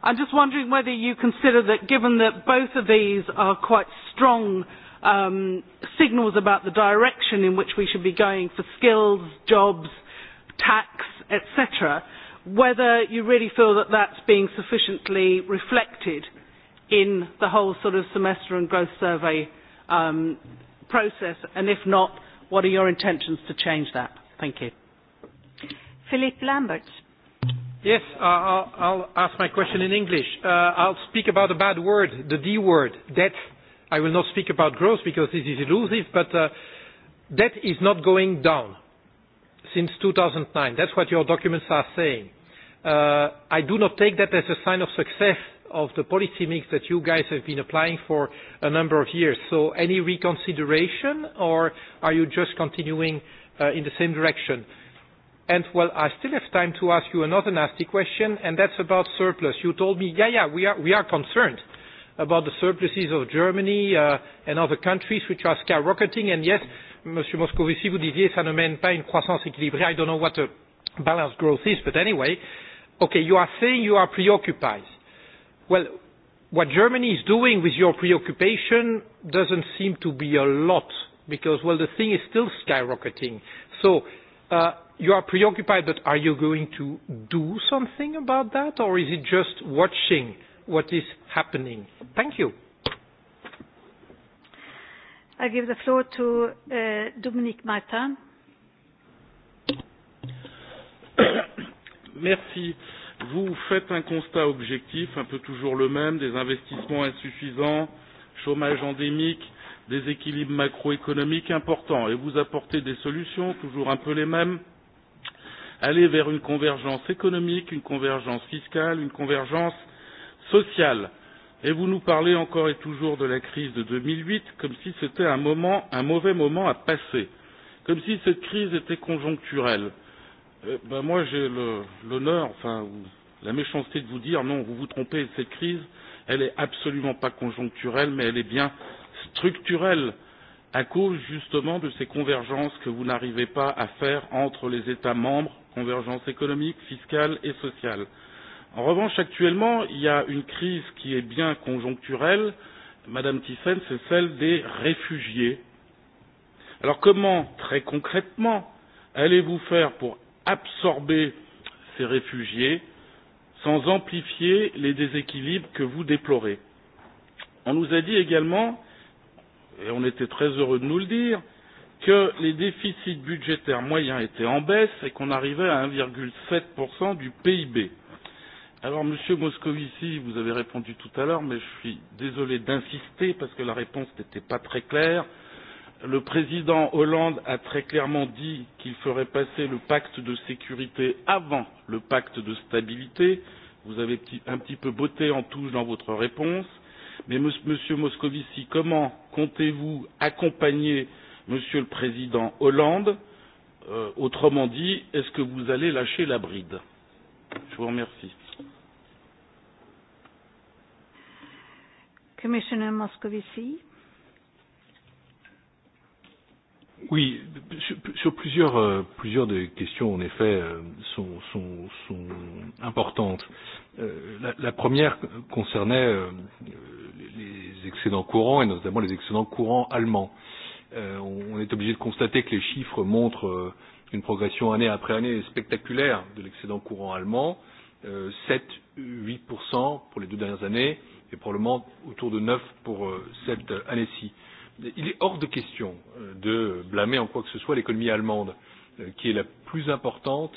I'm just wondering whether you consider that given that both of these are quite strong um, signals about the direction in which we should be going for skills, jobs, tax, etc., whether you really feel that that's being sufficiently reflected in the whole sort of semester and growth survey um, process? And if not, what are your intentions to change that? Thank you. Philip Lambert. Yes, uh, I'll, I'll ask my question in English. Uh, I'll speak about a bad word, the D word, debt. I will not speak about growth because this is elusive, but uh, debt is not going down since 2009. That's what your documents are saying. Uh, I do not take that as a sign of success of the policy mix that you guys have been applying for a number of years. So any reconsideration, or are you just continuing uh, in the same direction? And well, I still have time to ask you another nasty question, and that's about surplus. You told me, yeah, yeah, we are, we are concerned about the surpluses of Germany uh, and other countries which are skyrocketing. And yes, Monsieur Moscovici, vous disiez, ça ne mène pas une croissance équilibrée. I don't know what a balanced growth is, but anyway. Okay, you are saying you are preoccupied Well, what Germany is doing with your preoccupation doesn't seem to be a lot because, well, the thing is still skyrocketing. So uh, you are preoccupied, but are you going to do something about that or is it just watching what is happening? Thank you. I give the floor to uh, Dominique Martin. <coughs> Merci. Euh, vous faites un constat objectif, un peu toujours le même, des investissements insuffisants, chômage endémique, déséquilibre macroéconomique important, et vous apportez des solutions, toujours un peu les mêmes, aller vers une convergence économique, une convergence fiscale, une convergence sociale. Et vous nous parlez encore et toujours de la crise de 2008 comme si c'était un, moment, un mauvais moment à passer, comme si cette crise était conjoncturelle. Euh, eh ben Moi, j'ai l'honneur, enfin, la méchanceté de vous dire non, vous vous trompez, cette crise, elle n'est absolument pas conjoncturelle, mais elle est bien structurelle à cause justement de ces convergences que vous n'arrivez pas à faire entre les États membres, convergence économique, fiscale et sociale. En revanche, actuellement, il y a une crise qui est bien conjoncturelle, Madame Thyssen, c'est celle des réfugiés. Alors comment, très concrètement, allez-vous faire pour absorber ces réfugiés sans amplifier les déséquilibres que vous déplorez. On nous a dit également, et on était très heureux de nous le dire, que les déficits budgétaires moyens étaient en baisse et qu'on arrivait à 1,7% du PIB. Alors, Monsieur Moscovici, vous avez répondu tout à l'heure, mais je suis désolé d'insister parce que la réponse n'était pas très claire. Euh, le président Hollande a très clairement dit qu'il ferait passer le pacte de sécurité avant le pacte de stabilité. Vous avez un petit peu botté en touche dans votre réponse. Mais Monsieur Moscovici, comment comptez-vous accompagner Monsieur le Président Hollande euh, Autrement dit, est-ce que vous allez lâcher la bride Je vous remercie. Commissioner Moscovici. Oui, sur, sur plusieurs, euh, plusieurs des questions, en effet, euh, sont, sont, sont importantes. Euh, la, la première concernait euh, les excédents courants, et notamment les excédents courants allemands. Euh, on, on est obligé de constater que les chiffres montrent euh, une progression année après année spectaculaire de l'excédent courant allemand, euh, 7-8% pour les deux dernières années, et probablement autour de 9% pour euh, cette année-ci. Euh, il est hors de question euh, de blâmer en quoi que ce soit l'économie allemande, euh, qui est la plus importante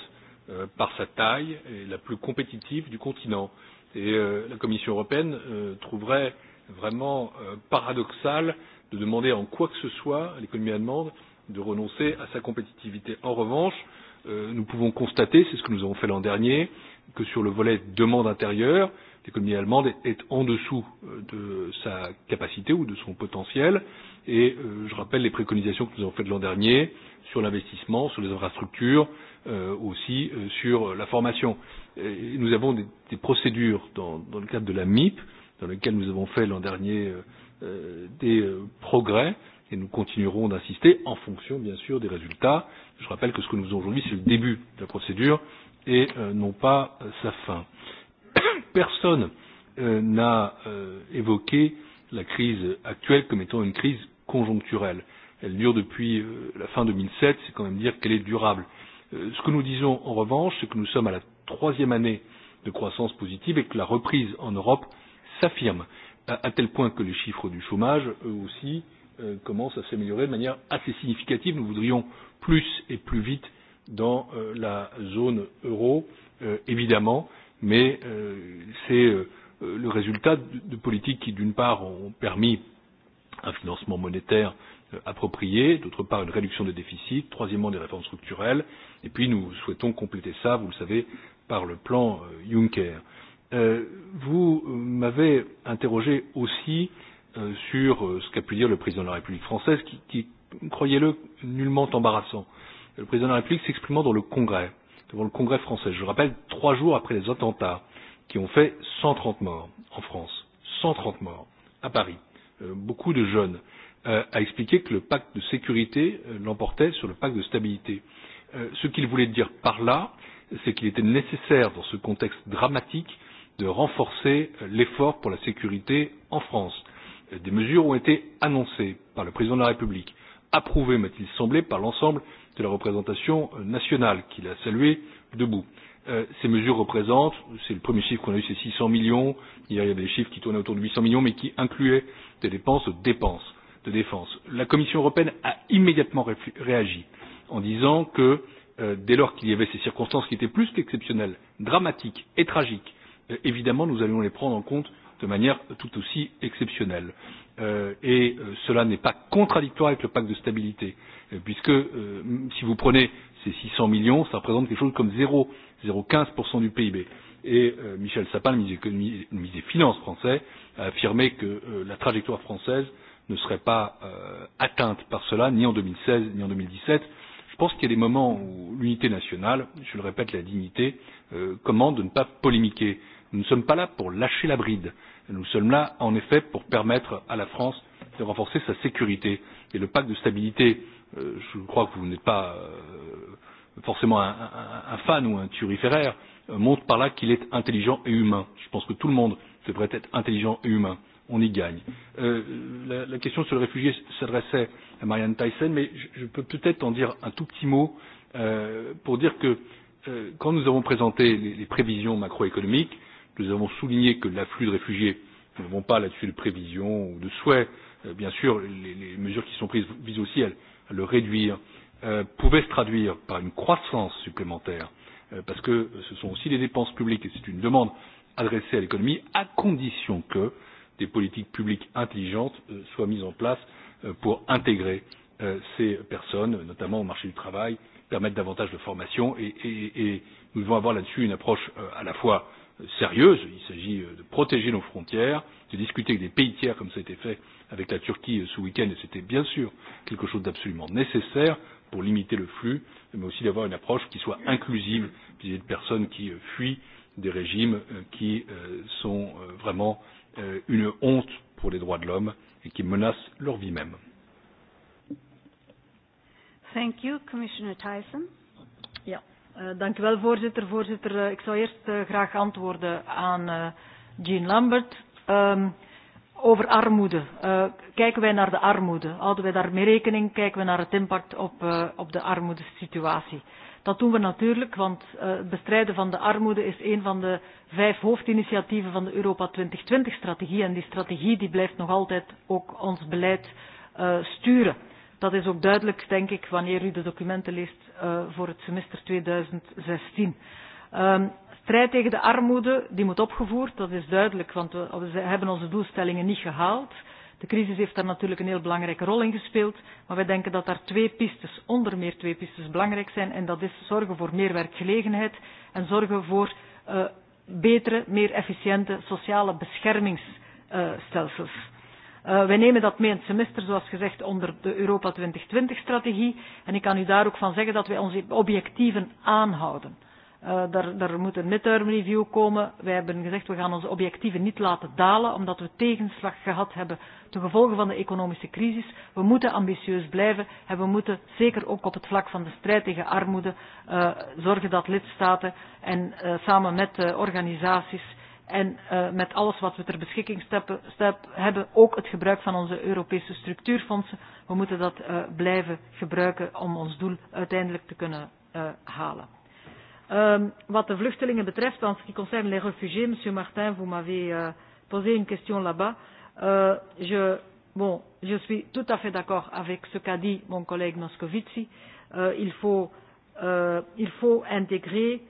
euh, par sa taille et la plus compétitive du continent. Et la Commission européenne trouverait vraiment paradoxal de demander en quoi que ce soit à l'économie allemande de renoncer à sa compétitivité. En revanche, nous pouvons constater, c'est ce que nous avons fait l'an dernier, que sur le volet demande intérieure, l'économie allemande est en dessous de sa capacité ou de son potentiel. Euh, et euh, je rappelle les préconisations que nous avons faites l'an dernier sur l'investissement, sur les infrastructures, euh, aussi euh, sur la formation. Et nous avons des, des procédures dans, dans le cadre de la MIP, dans lesquelles nous avons fait l'an dernier euh, euh, des euh, progrès et nous continuerons d'insister en fonction, bien sûr, des résultats. Je rappelle que ce que nous faisons aujourd'hui, c'est le début de la procédure et euh, non pas euh, sa fin. <coughs> Personne euh, n'a euh, évoqué la crise actuelle comme étant une crise conjoncturelle. Elle dure depuis euh, la fin 2007, c'est quand même dire qu'elle est durable. Euh, ce que nous disons en revanche, c'est que nous sommes à la troisième année de croissance positive et que la reprise en Europe s'affirme, à tel point que les chiffres du chômage, eux aussi, euh, commencent à s'améliorer de manière assez significative. Nous voudrions plus et plus vite dans la zone euro, évidemment, mais c'est le résultat de politiques qui, d'une part, ont permis un financement monétaire euh, approprié, d'autre part une réduction des déficits, troisièmement des réformes structurelles, et puis nous souhaitons compléter ça, vous le savez, par le plan euh, Juncker. Euh, vous m'avez interrogé aussi sur ce qu'a pu dire le président de la République française, qui, qui croyez-le, nullement embarrassant. Le président de la République s'exprimant dans le Congrès, devant le Congrès français, je rappelle, trois jours après les attentats qui ont fait 130 morts en France, 130 morts à Paris, Euh, beaucoup de jeunes euh, a expliqué que le pacte de sécurité euh, l'emportait sur le pacte de stabilité. ce qu'il voulait dire par là c'est qu'il était nécessaire dans ce contexte dramatique de renforcer l'effort pour la sécurité en france. des mesures ont été annoncées par le président de la république approuvées m'a t il semblé par l'ensemble de la représentation nationale qui l'a saluée debout. Euh, ces mesures représentent, c'est le premier chiffre qu'on a eu, c'est 600 millions. Hier, il y avait des chiffres qui tournaient autour de 800 millions, mais qui incluaient des dépenses de dépenses, de défense. La Commission européenne a immédiatement ré réagi en disant que euh, dès lors qu'il y avait ces circonstances qui étaient plus qu'exceptionnelles, dramatiques et tragiques, euh, évidemment, nous allions les prendre en compte de manière tout aussi exceptionnelle. Euh, et euh, cela n'est pas contradictoire avec le pacte de stabilité, euh, puisque euh, si vous prenez ces 600 millions, ça représente quelque chose comme 0,15% du PIB. Et euh, Michel Sapin, le ministre, économie, le ministre des Finances français, a affirmé que euh, la trajectoire française ne serait pas euh, atteinte par cela, ni en 2016, ni en 2017. Je pense qu'il y a des moments où l'unité nationale, je le répète, la dignité, euh, commande de ne pas polémiquer. Nous ne sommes pas là pour lâcher la bride. Nous sommes là, en effet, pour permettre à la France de renforcer sa sécurité. Et le pacte de stabilité Euh, je crois que vous n'êtes pas euh, forcément un, un, un fan ou un turiféraire, euh, montre par là qu'il est intelligent et humain. Je pense que tout le monde devrait être intelligent et humain. On y gagne. Euh, la, la question sur le réfugié s'adressait à Marianne Tyson, mais je, je peux peut-être en dire un tout petit mot euh, pour dire que euh, quand nous avons présenté les, les prévisions macroéconomiques, nous avons souligné que l'afflux de réfugiés, nous n'avons pas là-dessus de prévisions ou de souhaits. Euh, bien sûr, les, les mesures qui sont prises visent aussi à à le réduire, euh, pouvait se traduire par une croissance supplémentaire, euh, parce que ce sont aussi des dépenses publiques et c'est une demande adressée à l'économie, à condition que des politiques publiques intelligentes euh, soient mises en place euh, pour intégrer euh, ces personnes, notamment au marché du travail, permettre davantage de formation et, et, et nous devons avoir là-dessus une approche euh, à la fois euh, sérieuse, il s'agit euh, de protéger nos frontières, de discuter avec des pays tiers comme ça a été fait avec la Turquie euh, ce week-end et c'était bien sûr quelque chose d'absolument nécessaire pour limiter le flux, mais aussi d'avoir une approche qui soit inclusive vis-à-vis de personnes qui euh, fuient des régimes euh, qui sont vraiment une honte pour les droits de l'homme et qui menacent leur vie même. Thank you, Commissioner Tyson. Ja, uh, dank u wel, voorzitter. Voorzitter, uh, ik zou eerst uh, graag antwoorden aan uh, Jean Lambert. Um, over armoede. Uh, kijken wij naar de armoede? Houden wij daarmee rekening? Kijken we naar het impact op, uh, op de armoedesituatie? Dat doen we natuurlijk, want uh, het bestrijden van de armoede is een van de vijf hoofdinitiatieven van de Europa 2020-strategie. En die strategie die blijft nog altijd ook ons beleid uh, sturen. Dat is ook duidelijk, denk ik, wanneer u de documenten leest uh, voor het semester 2016. Um, Strijd tegen de armoede, die moet opgevoerd, dat is duidelijk, want eh, we, we hebben onze doelstellingen niet gehaald. De crisis heeft daar natuurlijk een heel belangrijke rol in gespeeld, maar wij denken dat daar twee pistes, onder meer twee pistes, belangrijk zijn. En dat is zorgen voor meer werkgelegenheid en zorgen voor uh, betere, meer efficiënte sociale beschermingsstelsels. Uh, uh, wij nemen dat mee in het semester, zoals gezegd, onder de Europa 2020-strategie. En ik kan u daar ook van zeggen dat wij onze objectieven aanhouden. Uh, daar, daar moet een midterm review komen. Wij hebben gezegd we gaan onze objectieven niet laten dalen omdat we tegenslag gehad hebben ten gevolge van de economische crisis. We moeten ambitieus blijven en we moeten zeker ook op het vlak van de strijd tegen armoede uh, zorgen dat lidstaten en uh, samen met uh, organisaties en uh, met alles wat we ter beschikking steppen, step, hebben, ook het gebruik van onze Europese structuurfondsen. We moeten dat uh, blijven gebruiken om ons doel uiteindelijk te kunnen uh, halen. Um, wat de vluchtelingen betreft, en ce qui concerne les réfugiés, Monsieur Martin, vous m'avez euh, posé une question là-bas. Euh, je, bon, je suis tout à fait d'accord avec ce qu'a dit mon collègue Moscovici. Euh, il, faut, euh, il faut intégrer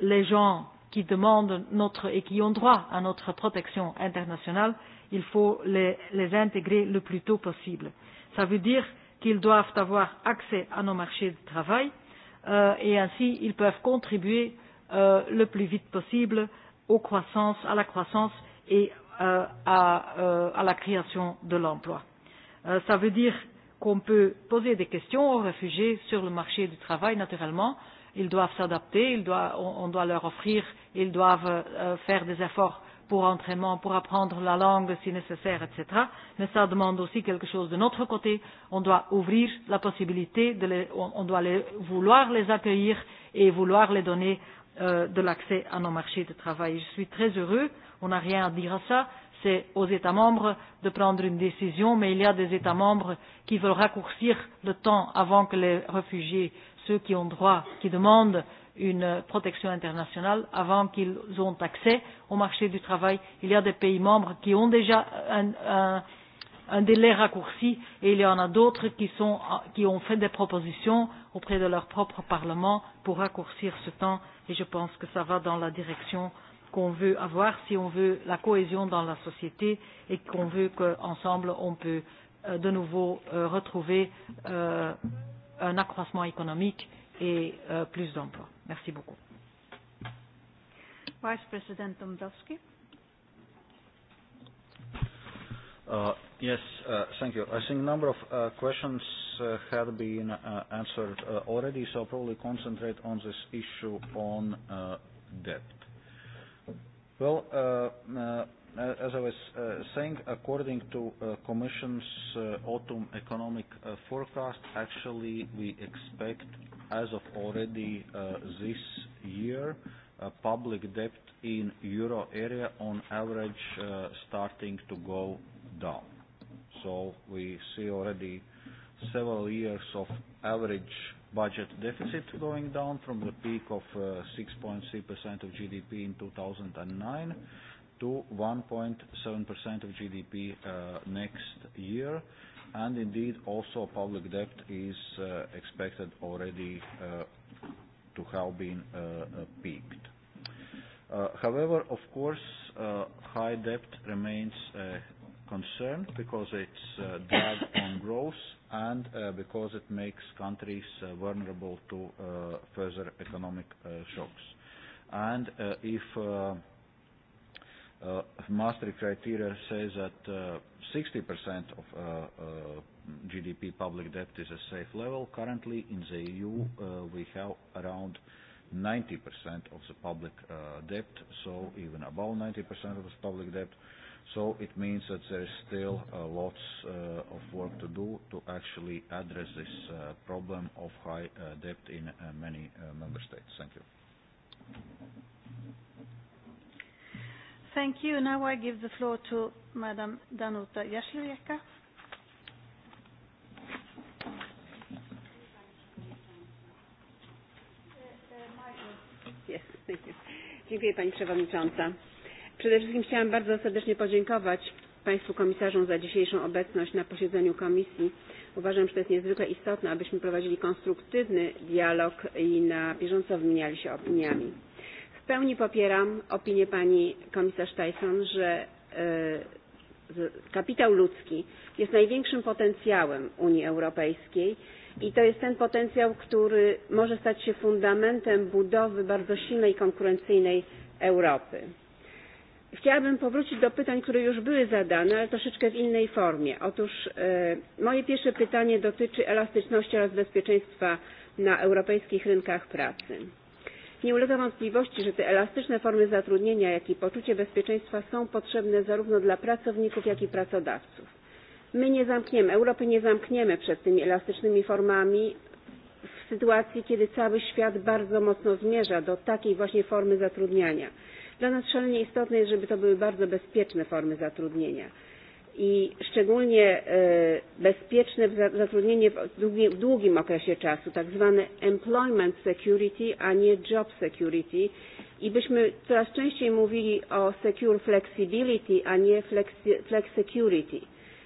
les gens qui demandent notre et qui ont droit à notre protection internationale. Il faut les, les intégrer le plus tôt possible. Ça veut dire qu'ils doivent avoir accès à nos marchés de travail. Euh, euh, et ainsi ils peuvent contribuer euh, le plus vite possible aux croissances, à la croissance et euh, à, euh, à la création de l'emploi. Euh, ça veut dire qu'on peut poser des questions aux réfugiés sur le marché du travail naturellement. Ils doivent s'adapter, on, on doit leur offrir, ils doivent euh, faire des efforts euh, pour, entraînement, pour apprendre la langue si nécessaire, etc. Mais ça demande aussi quelque chose de notre côté. On doit ouvrir la possibilité, de les, on doit les, vouloir les accueillir et vouloir les donner euh, de l'accès à nos marchés de travail. Je suis très heureux, on n'a rien à dire à ça, c'est aux États membres de prendre une décision, mais il y a des États membres qui veulent raccourcir le temps avant que les réfugiés, ceux qui ont droit, qui demandent une protection internationale avant qu'ils ont accès au marché du travail. Il y a des pays membres qui ont déjà un, un, un délai raccourci et il y en a d'autres qui, sont, qui ont fait des propositions auprès de leur propre Parlement pour raccourcir ce temps et je pense que ça va dans la direction qu'on veut avoir si on veut la cohésion dans la société et qu'on veut qu'ensemble on peut euh, de nouveau euh, retrouver euh, un accroissement économique et euh, plus d'emplois. Merci beaucoup. Vice President Dombrovski. Uh, yes, uh, thank you. I think a number of uh, questions uh, had been uh, answered uh, already, so I'll probably concentrate on this issue on uh, debt. Well, uh, uh, as I was uh, saying, according to uh, Commission's uh, autumn economic uh, forecast, actually we expect as of already uh, this year, uh, public debt in euro area on average uh, starting to go down. So we see already several years of average budget deficit going down from the peak of 6.3% uh, of GDP in 2009 to 1.7% of GDP uh, next year and indeed also public debt is uh, expected already uh, to have been uh, uh, peaked. Uh, however, of course, uh, high debt remains a uh, concern because it's a uh, drag <coughs> on growth and uh, because it makes countries uh, vulnerable to uh, further economic uh, shocks. And uh, if uh, uh, Maastricht criteria says that uh, 60% of uh, uh, GDP public debt is a safe level. Currently, in the EU, uh, we have around 90% of the public uh, debt, so even above 90% of the public debt. So it means that there is still uh, lots uh, of work to do to actually address this uh, problem of high uh, debt in uh, many uh, member states. Thank you. Thank you. Now I give the floor to Madam Danuta Jaślubiaka. Yes, thank you. Dziękuję Pani Przewodnicząca. Przede wszystkim chciałam bardzo serdecznie podziękować Państwu komisarzom za dzisiejszą obecność na posiedzeniu komisji. Uważam, że to jest niezwykle istotne, abyśmy prowadzili konstruktywny dialog i na bieżąco wymieniali się opiniami. W pełni popieram opinię pani komisarz Tyson, e, że kapitał ludzki jest największym potencjałem Unii Europejskiej i to jest ten potencjał, który może stać się fundamentem budowy bardzo silnej, konkurencyjnej Europy. Chciałabym powrócić do pytań, które już były zadane, ale troszeczkę w innej formie. Otóż e, moje pierwsze pytanie dotyczy elastyczności oraz bezpieczeństwa na europejskich rynkach pracy. Nie ulega wątpliwości, że te elastyczne formy zatrudnienia, jak i poczucie bezpieczeństwa są potrzebne zarówno dla pracowników, jak i pracodawców. My nie zamkniemy, Europy nie zamkniemy przed tymi elastycznymi formami w sytuacji, kiedy cały świat bardzo mocno zmierza do takiej właśnie formy zatrudniania. Dla nas szalenie istotne jest, żeby to były bardzo bezpieczne formy zatrudnienia i szczególnie e, bezpieczne zatrudnienie w długim, w długim okresie czasu, tak zwane employment security, a nie job security. I byśmy coraz częściej mówili o secure flexibility, a nie flex, flex security,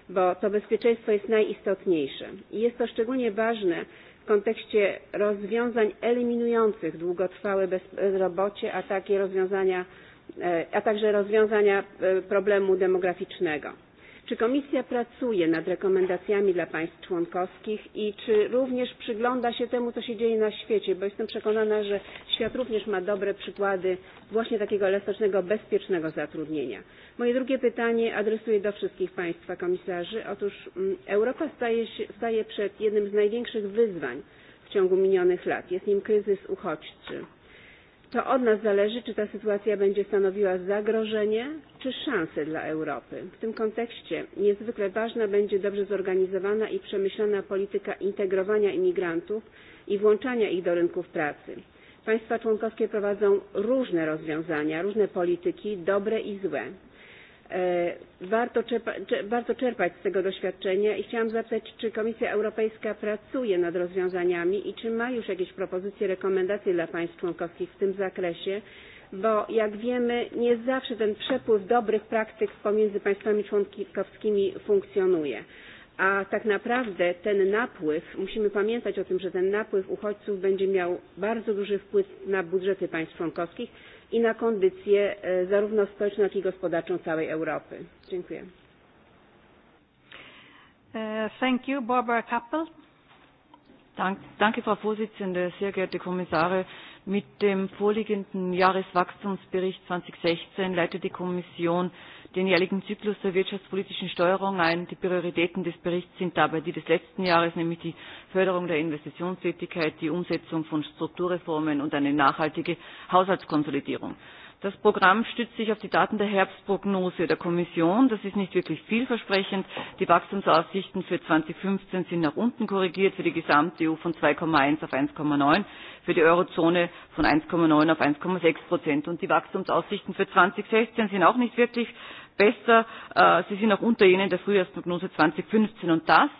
bo to bezpieczeństwo jest najistotniejsze. I jest to szczególnie ważne w kontekście rozwiązań eliminujących długotrwałe bezrobocie, a takie rozwiązania e, a także rozwiązania e, problemu demograficznego Czy Komisja pracuje nad rekomendacjami dla państw członkowskich i czy również przygląda się temu, co się dzieje na świecie? Bo jestem przekonana, że świat również ma dobre przykłady właśnie takiego elastycznego, bezpiecznego zatrudnienia. Moje drugie pytanie adresuję do wszystkich państwa komisarzy. Otóż mm, Europa staje, się, staje przed jednym z największych wyzwań w ciągu minionych lat. Jest nim kryzys uchodźczy To od nas zależy, czy ta sytuacja będzie stanowiła zagrożenie czy szansę dla Europy. W tym kontekście niezwykle ważna będzie dobrze zorganizowana i przemyślana polityka integrowania imigrantów i włączania ich do rynków pracy. Państwa członkowskie prowadzą różne rozwiązania, różne polityki, dobre i złe. E, warto, czerpa, warto czerpać z tego doświadczenia i chciałam zapytać, czy Komisja Europejska pracuje nad rozwiązaniami i czy ma już jakieś propozycje, rekomendacje dla państw członkowskich w tym zakresie, bo jak wiemy, nie zawsze ten przepływ dobrych praktyk pomiędzy państwami członkowskimi funkcjonuje. A tak naprawdę ten napływ, musimy pamiętać o tym, że ten napływ uchodźców będzie miał bardzo duży wpływ na budżety państw członkowskich, i na kondycję e, zarówno społeczną, jak i gospodarczą całej Europy. Dziękuję. Uh, thank you, Barbara Kappel. Dank, danke, Frau Vorsitzende, sehr geehrte Kommissare. Mit dem vorliegenden Jahreswachstumsbericht 2016 leitet die Kommission äh, den jährlichen Zyklus der wirtschaftspolitischen Steuerung ein. Die Prioritäten des Berichts sind dabei die des letzten Jahres, nämlich die Förderung der Investitionstätigkeit, die Umsetzung von Strukturreformen und eine nachhaltige Haushaltskonsolidierung. Das Programm stützt sich auf die Daten der Herbstprognose der Kommission. Das ist nicht wirklich vielversprechend. Die Wachstumsaussichten für 2015 sind nach unten korrigiert, für die gesamte EU von 2,1 auf 1,9, für die Eurozone von 1,9 auf 1,6 Prozent. Und die Wachstumsaussichten für 2016 sind auch nicht wirklich besser. Äh, sie sind auch unter jenen der Frühjahrsprognose 2015. Und das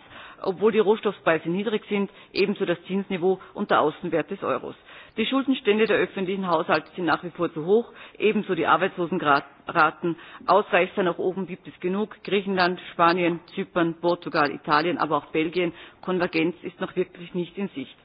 obwohl die Rohstoffpreise niedrig sind, ebenso das Zinsniveau und der Außenwert des Euros die schuldenstände der öffentlichen haushalte sind nach wie vor zu hoch ebenso die arbeitslosenraten. ausreißer nach oben gibt es genug griechenland spanien zypern portugal italien aber auch belgien. konvergenz ist noch wirklich nicht in sicht.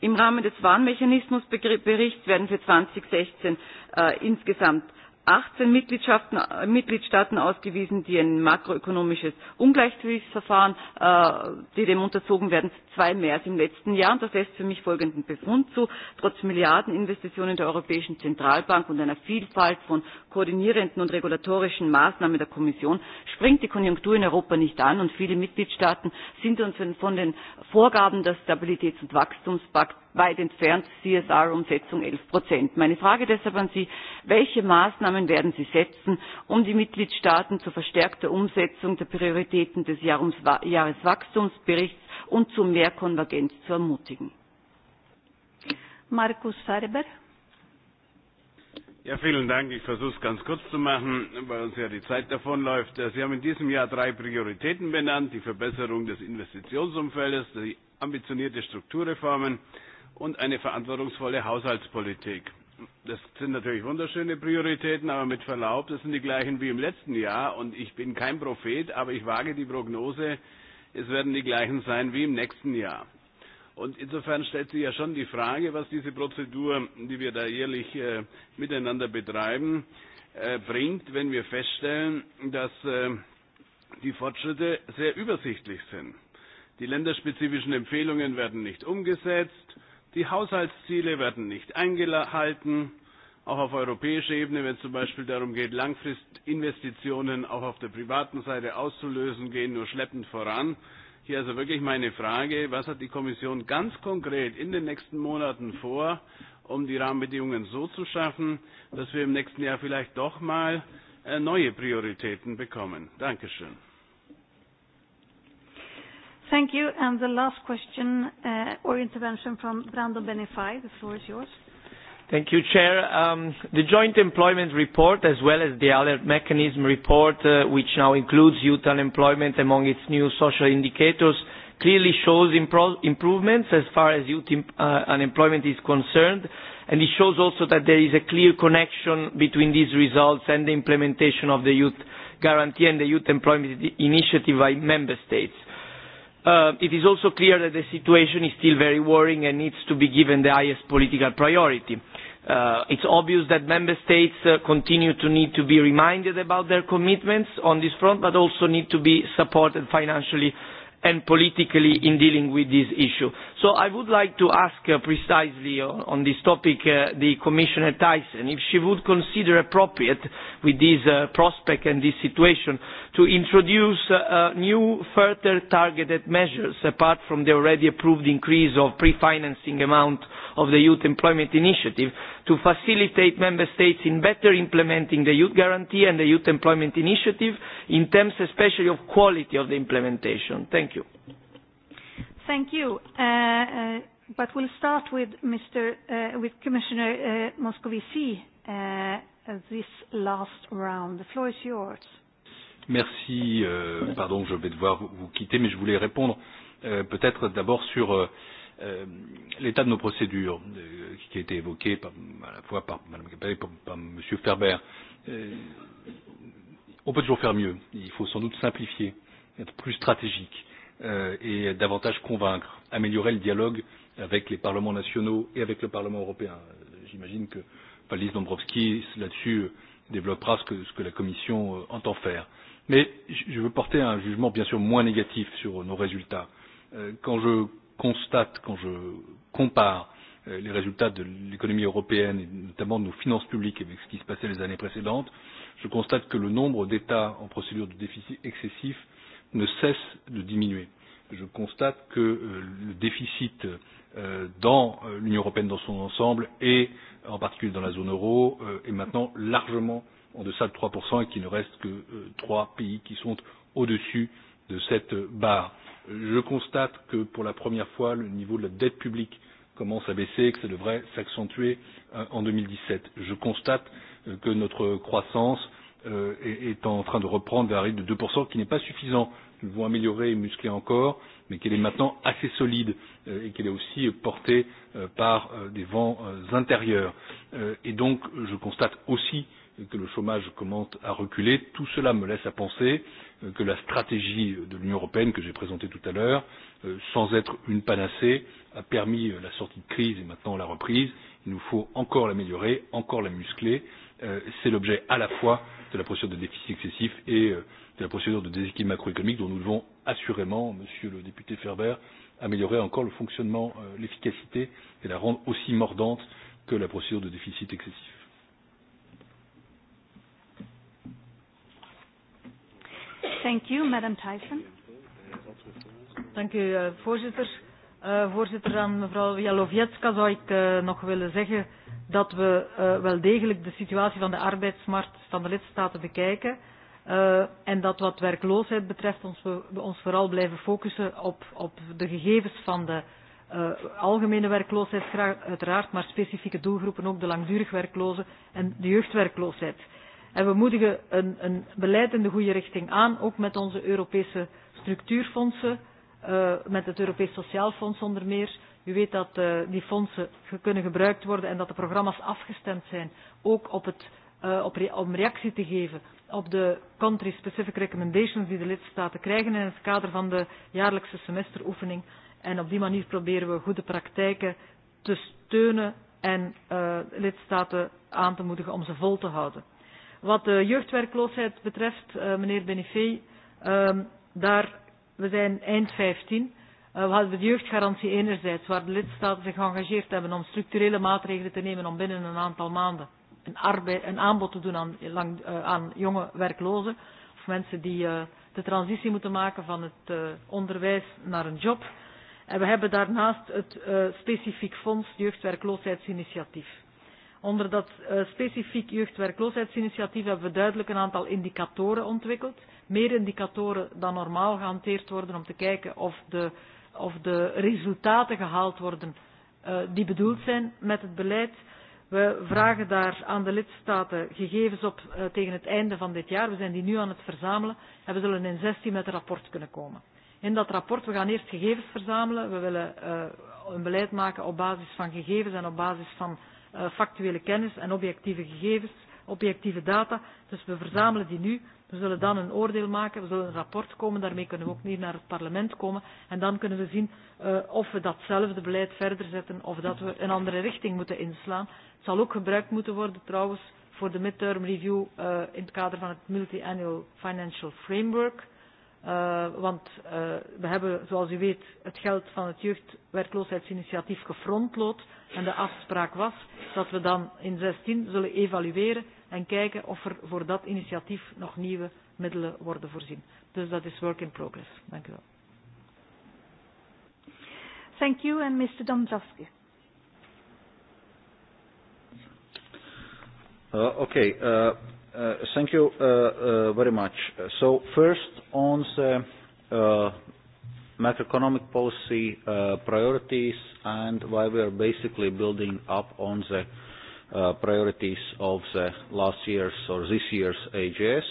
im rahmen des warnmechanismusberichts werden für zweitausendsechzehn äh, insgesamt achtzehn äh, mitgliedstaaten ausgewiesen die ein makroökonomisches ungleichgewichtsverfahren äh, dem unterzogen werden zwei mehr als im letzten jahr und das lässt für mich folgenden befund zu trotz milliardeninvestitionen der europäischen zentralbank und einer vielfalt von koordinierenden und regulatorischen maßnahmen der kommission springt die konjunktur in europa nicht an und viele mitgliedstaaten sind uns von den vorgaben des stabilitäts und wachstumspakts weit entfernt, CSR-Umsetzung 11 Prozent. Meine Frage deshalb an Sie, welche Maßnahmen werden Sie setzen, um die Mitgliedstaaten zur verstärkten Umsetzung der Prioritäten des Jahreswachstumsberichts und zu mehr Konvergenz zu ermutigen? Markus Ferber. Ja, vielen Dank. Ich versuche es ganz kurz zu machen, weil uns ja die Zeit davonläuft. Äh, Sie haben in diesem Jahr drei Prioritäten benannt. Die Verbesserung des Investitionsumfeldes, die ambitionierte Strukturreformen und eine verantwortungsvolle Haushaltspolitik. Das sind natürlich wunderschöne Prioritäten, aber mit Verlaub, das sind die gleichen wie im letzten Jahr. Und ich bin kein Prophet, aber ich wage die Prognose, es werden die gleichen sein wie im nächsten Jahr. Und insofern stellt sich ja schon die Frage, was diese Prozedur, die wir da jährlich äh, miteinander betreiben, äh, bringt, wenn wir feststellen, dass äh, die Fortschritte sehr übersichtlich sind. Die länderspezifischen Empfehlungen werden nicht umgesetzt Die Haushaltsziele werden nicht eingehalten. Auch auf europäischer Ebene, wenn es zum Beispiel darum geht, Langfristinvestitionen auch auf der privaten Seite auszulösen, gehen nur schleppend voran. Hier also wirklich meine Frage, was hat die Kommission ganz konkret in den nächsten Monaten vor, um die Rahmenbedingungen so zu schaffen, dass wir im nächsten Jahr vielleicht doch mal äh, neue Prioritäten bekommen? Dankeschön. Thank you. And the last question uh, or intervention from Brando Benifai. The floor is yours. Thank you, Chair. Um, the joint employment report, as well as the alert mechanism report, uh, which now includes youth unemployment among its new social indicators, clearly shows impro- improgements as far as youth imp- uh, unemployment is concerned, and it shows also that there is a clear connection between these results and the implementation of the youth guarantee and the youth employment initiative by member states Uh, it is also clear that the situation is still very worrying and needs to be given the highest political priority. Uh, it's obvious that member states uh, continue to need to be reminded about their commitments on this front, but also need to be supported financially uh, and politically in dealing with this issue. So I would like to ask uh, precisely on, uh, on this topic uh, the Commissioner Tyson if she would consider appropriate with this uh, prospect and this situation to introduce uh, uh new further targeted measures apart from the already approved increase of pre-financing amount uh, of the Youth Employment Initiative to facilitate member states in better implementing the Youth Guarantee and the Youth Employment Initiative in terms especially of quality of the implementation. Thank you. Thank you. Uh, uh, but we'll start with Mr. Uh, with Commissioner uh, Moscovici uh, this last round. The floor is yours. Merci. Euh, pardon, je vais devoir vous quitter, mais je voulais répondre euh, peut-être d'abord sur euh, Euh, l'état de nos procédures euh, qui a été évoqué par, à la fois par Mme Capelli et par, par M. Ferber. Euh, on peut toujours faire mieux. Il faut sans doute simplifier, être plus stratégique euh, et davantage convaincre, améliorer le dialogue avec les parlements nationaux et avec le Parlement européen. J'imagine que Valis Dombrovski, là-dessus, développera ce que, ce que la Commission euh, entend faire. Mais je veux porter un jugement bien sûr moins négatif sur nos résultats. Euh, quand je constate quand je compare euh, les résultats de l'économie européenne et notamment de nos finances publiques avec ce qui se passait les années précédentes, je constate que le nombre d'États en procédure de déficit excessif ne cesse de diminuer. Je constate que euh, le déficit euh, dans l'Union européenne dans son ensemble et en particulier dans la zone euro est maintenant largement en deçà de 3% et qu'il ne reste que trois pays qui sont au-dessus de cette barre Je constate que pour la première fois, le niveau de la dette publique commence à baisser et que ça devrait s'accentuer euh, en 2017. Je constate euh, que notre croissance euh, est en train de reprendre vers un rythme de 2%, qui n'est pas suffisant. Nous devons améliorer et muscler encore, mais qu'elle est maintenant assez solide et qu'elle est aussi portée par des vents intérieurs. Et donc, je constate aussi euh, que le chômage commence à reculer. Tout cela me laisse à penser euh, que la stratégie de l'Union européenne que j'ai présentée tout à l'heure, euh, sans être une panacée, a permis euh, la sortie de crise et maintenant la reprise. Il nous faut encore l'améliorer, encore la muscler. C'est l'objet à la fois de la procédure de déficit excessif et de la procédure de déséquilibre macroéconomique dont nous devons assurément, monsieur le député Ferber, améliorer encore le fonctionnement, l'efficacité et la rendre aussi mordante que la procédure de déficit excessif. Thank you, Madam Tyson. Dank u, uh, voorzitter. Uh, voorzitter, aan mevrouw Jalowiecka zou ik uh, nog willen zeggen dat we uh, wel degelijk de situatie van de arbeidsmarkt van de lidstaten bekijken. Uh, en dat wat werkloosheid betreft ons, we ons vooral blijven focussen op, op de gegevens van de uh, algemene werkloosheid uiteraard, maar specifieke doelgroepen, ook de langdurig werklozen en de jeugdwerkloosheid. En we moedigen een, een beleid in de goede richting aan, ook met onze Europese structuurfondsen, uh, met het Europees Sociaal Fonds onder meer. U weet dat uh, die fondsen kunnen gebruikt worden en dat de programma's afgestemd zijn, ook op het, uh, op re om reactie te geven op de country-specific recommendations die de lidstaten krijgen in het kader van de jaarlijkse semesteroefening. En op die manier proberen we goede praktijken te steunen en uh, lidstaten aan te moedigen om ze vol te houden. Wat de jeugdwerkloosheid betreft, uh, meneer Benifei, ehm, uh, daar, we zijn eind 15. Uh, eh, we hadden de jeugdgarantie enerzijds, waar de lidstaten zich geëngageerd hebben om structurele maatregelen te nemen om binnen een aantal maanden een, arbeid, een aanbod te doen aan, lang, uh, aan jonge werklozen. Of mensen die uh, de transitie moeten maken van het uh, onderwijs naar een job. En we hebben daarnaast het uh, specifiek fonds jeugdwerkloosheidsinitiatief. Onder dat uh, specifiek jeugdwerkloosheidsinitiatief hebben we duidelijk een aantal indicatoren ontwikkeld. Meer indicatoren dan normaal gehanteerd worden om te kijken of de, of de resultaten gehaald worden uh, die bedoeld zijn met het beleid. We vragen daar aan de lidstaten gegevens op uh, tegen het einde van dit jaar. We zijn die nu aan het verzamelen en we zullen in 16 met een rapport kunnen komen. In dat rapport, we gaan eerst gegevens verzamelen. We willen uh, een beleid maken op basis van gegevens en op basis van uh, Eh, factuele kennis en objectieve gegevens, objectieve data. Dus we verzamelen die nu. We zullen dan een oordeel maken, we zullen een rapport komen, daarmee kunnen we ook niet naar het parlement komen. En dan kunnen we zien uh, of we datzelfde beleid verder zetten of dat we een andere richting moeten inslaan. Het zal ook gebruikt moeten worden trouwens voor de midterm review uh, in het kader van het multi-annual financial framework. Uh, Uh, want uh, we hebben, zoals u weet, het geld van het jeugdwerkloosheidsinitiatief gefrontlood. En de afspraak was dat we dan in 2016 zullen evalueren en kijken of er voor dat initiatief nog nieuwe middelen worden voorzien. Dus dat is work in progress. Dank u wel. Thank you and Mr. Domzowski. Uh, eh, okay. Uh Uh, thank you uh, uh, very much. So first on the uh, macroeconomic policy uh, priorities and why we are basically building up on the uh, priorities of the last year's or this year's AGS.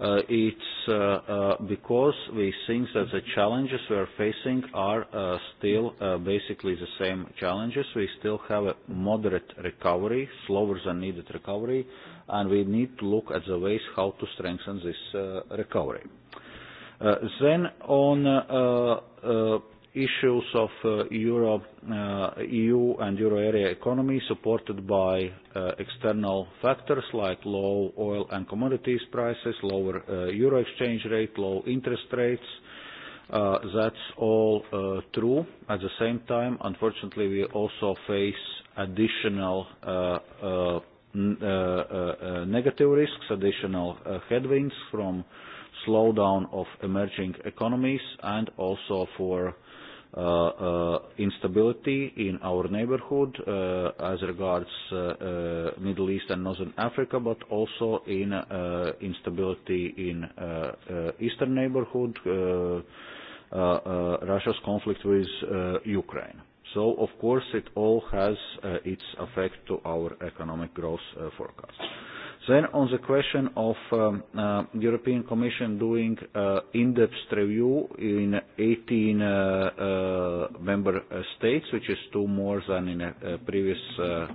Uh, it's uh, uh, because we think that the challenges we are facing are uh, still uh, basically the same challenges. We still have a moderate recovery, slower than needed recovery, and we need to look at the ways how to strengthen this uh, recovery. Uh, then on uh, uh, issues of uh, Europe, uh, EU and euro area economy supported by uh, external factors like low oil and commodities prices, lower uh, euro exchange rate, low interest rates. Uh, that's all uh, true. At the same time, unfortunately, we also face additional uh, uh, n uh, uh, uh negative risks, additional uh, headwinds from slowdown of emerging economies and also for uh, uh, instability in our neighborhood uh, as regards uh, uh, Middle East and Northern Africa, but also in uh, instability in uh, uh, Eastern neighborhood, uh, uh, uh, Russia's conflict with uh, Ukraine. So, of course, it all has uh, its effect to our economic growth uh, forecast. Uh, Then on the question of um, uh, European Commission doing uh, in-depth review in 18 uh, uh, member uh, states, which is two more than in a, a previous uh,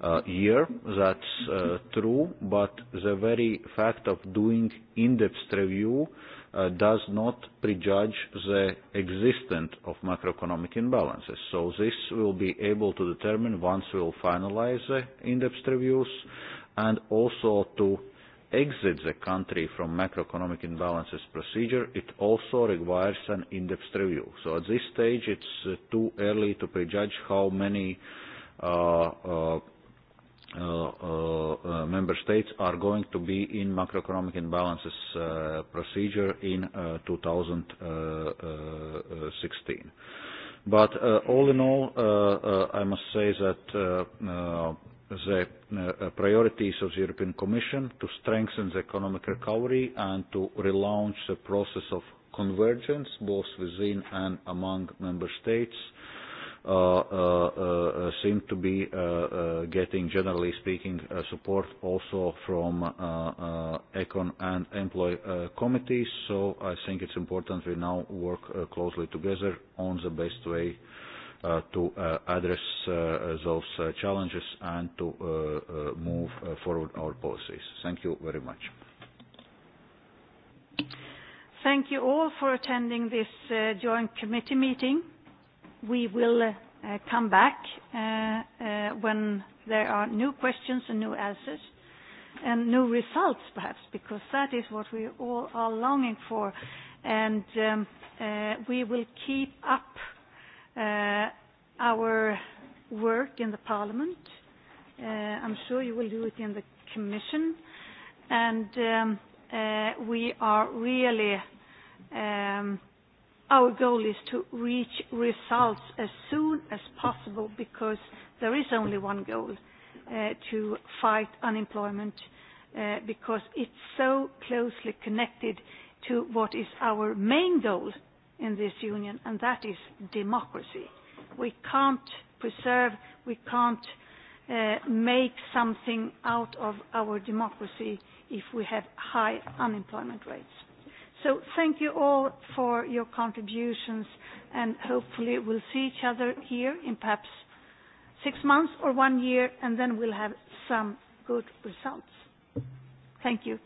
uh, year, that's uh, true, but the very fact of doing in-depth review uh, does not prejudge the existence of macroeconomic imbalances. So this will be able to determine once we will finalize the in-depth reviews and also to exit the country from macroeconomic imbalances procedure, it also requires an in-depth review. So at this stage, it's uh, too early to prejudge how many uh, uh, uh, uh, member states are going to be in macroeconomic imbalances uh, procedure in uh, 2016. Uh, uh, But uh, all in all, uh, uh, I must say that uh, uh, the uh, priorities of the European Commission to strengthen the economic recovery and to relaunch the process of convergence both within and among member states uh, uh, uh, seem to be uh, uh, getting, generally speaking, uh, support also from uh, uh, econ and employee uh, committees. So I think it's important we now work uh, closely together on the best way uh, uh, to uh, address uh, those uh, challenges and to uh, uh, move uh, forward our policies. Thank you very much. Thank you all for attending this uh, joint committee meeting. We will uh, come back uh, uh, when there are new questions and new answers and new results, perhaps, because that is what we all are longing for. And um, uh, we will keep up uh, our work in the parliament. Uh, I'm sure you will do it in the commission. And um, uh, we are really, um, our goal is to reach results as soon as possible because there is only one goal, uh, to fight unemployment, uh, because it's so closely connected to what is our main goal, in this union, and that is democracy. We can't preserve, we can't uh, make something out of our democracy if we have high unemployment rates. So thank you all for your contributions, and hopefully we'll see each other here in perhaps six months or one year, and then we'll have some good results. Thank you.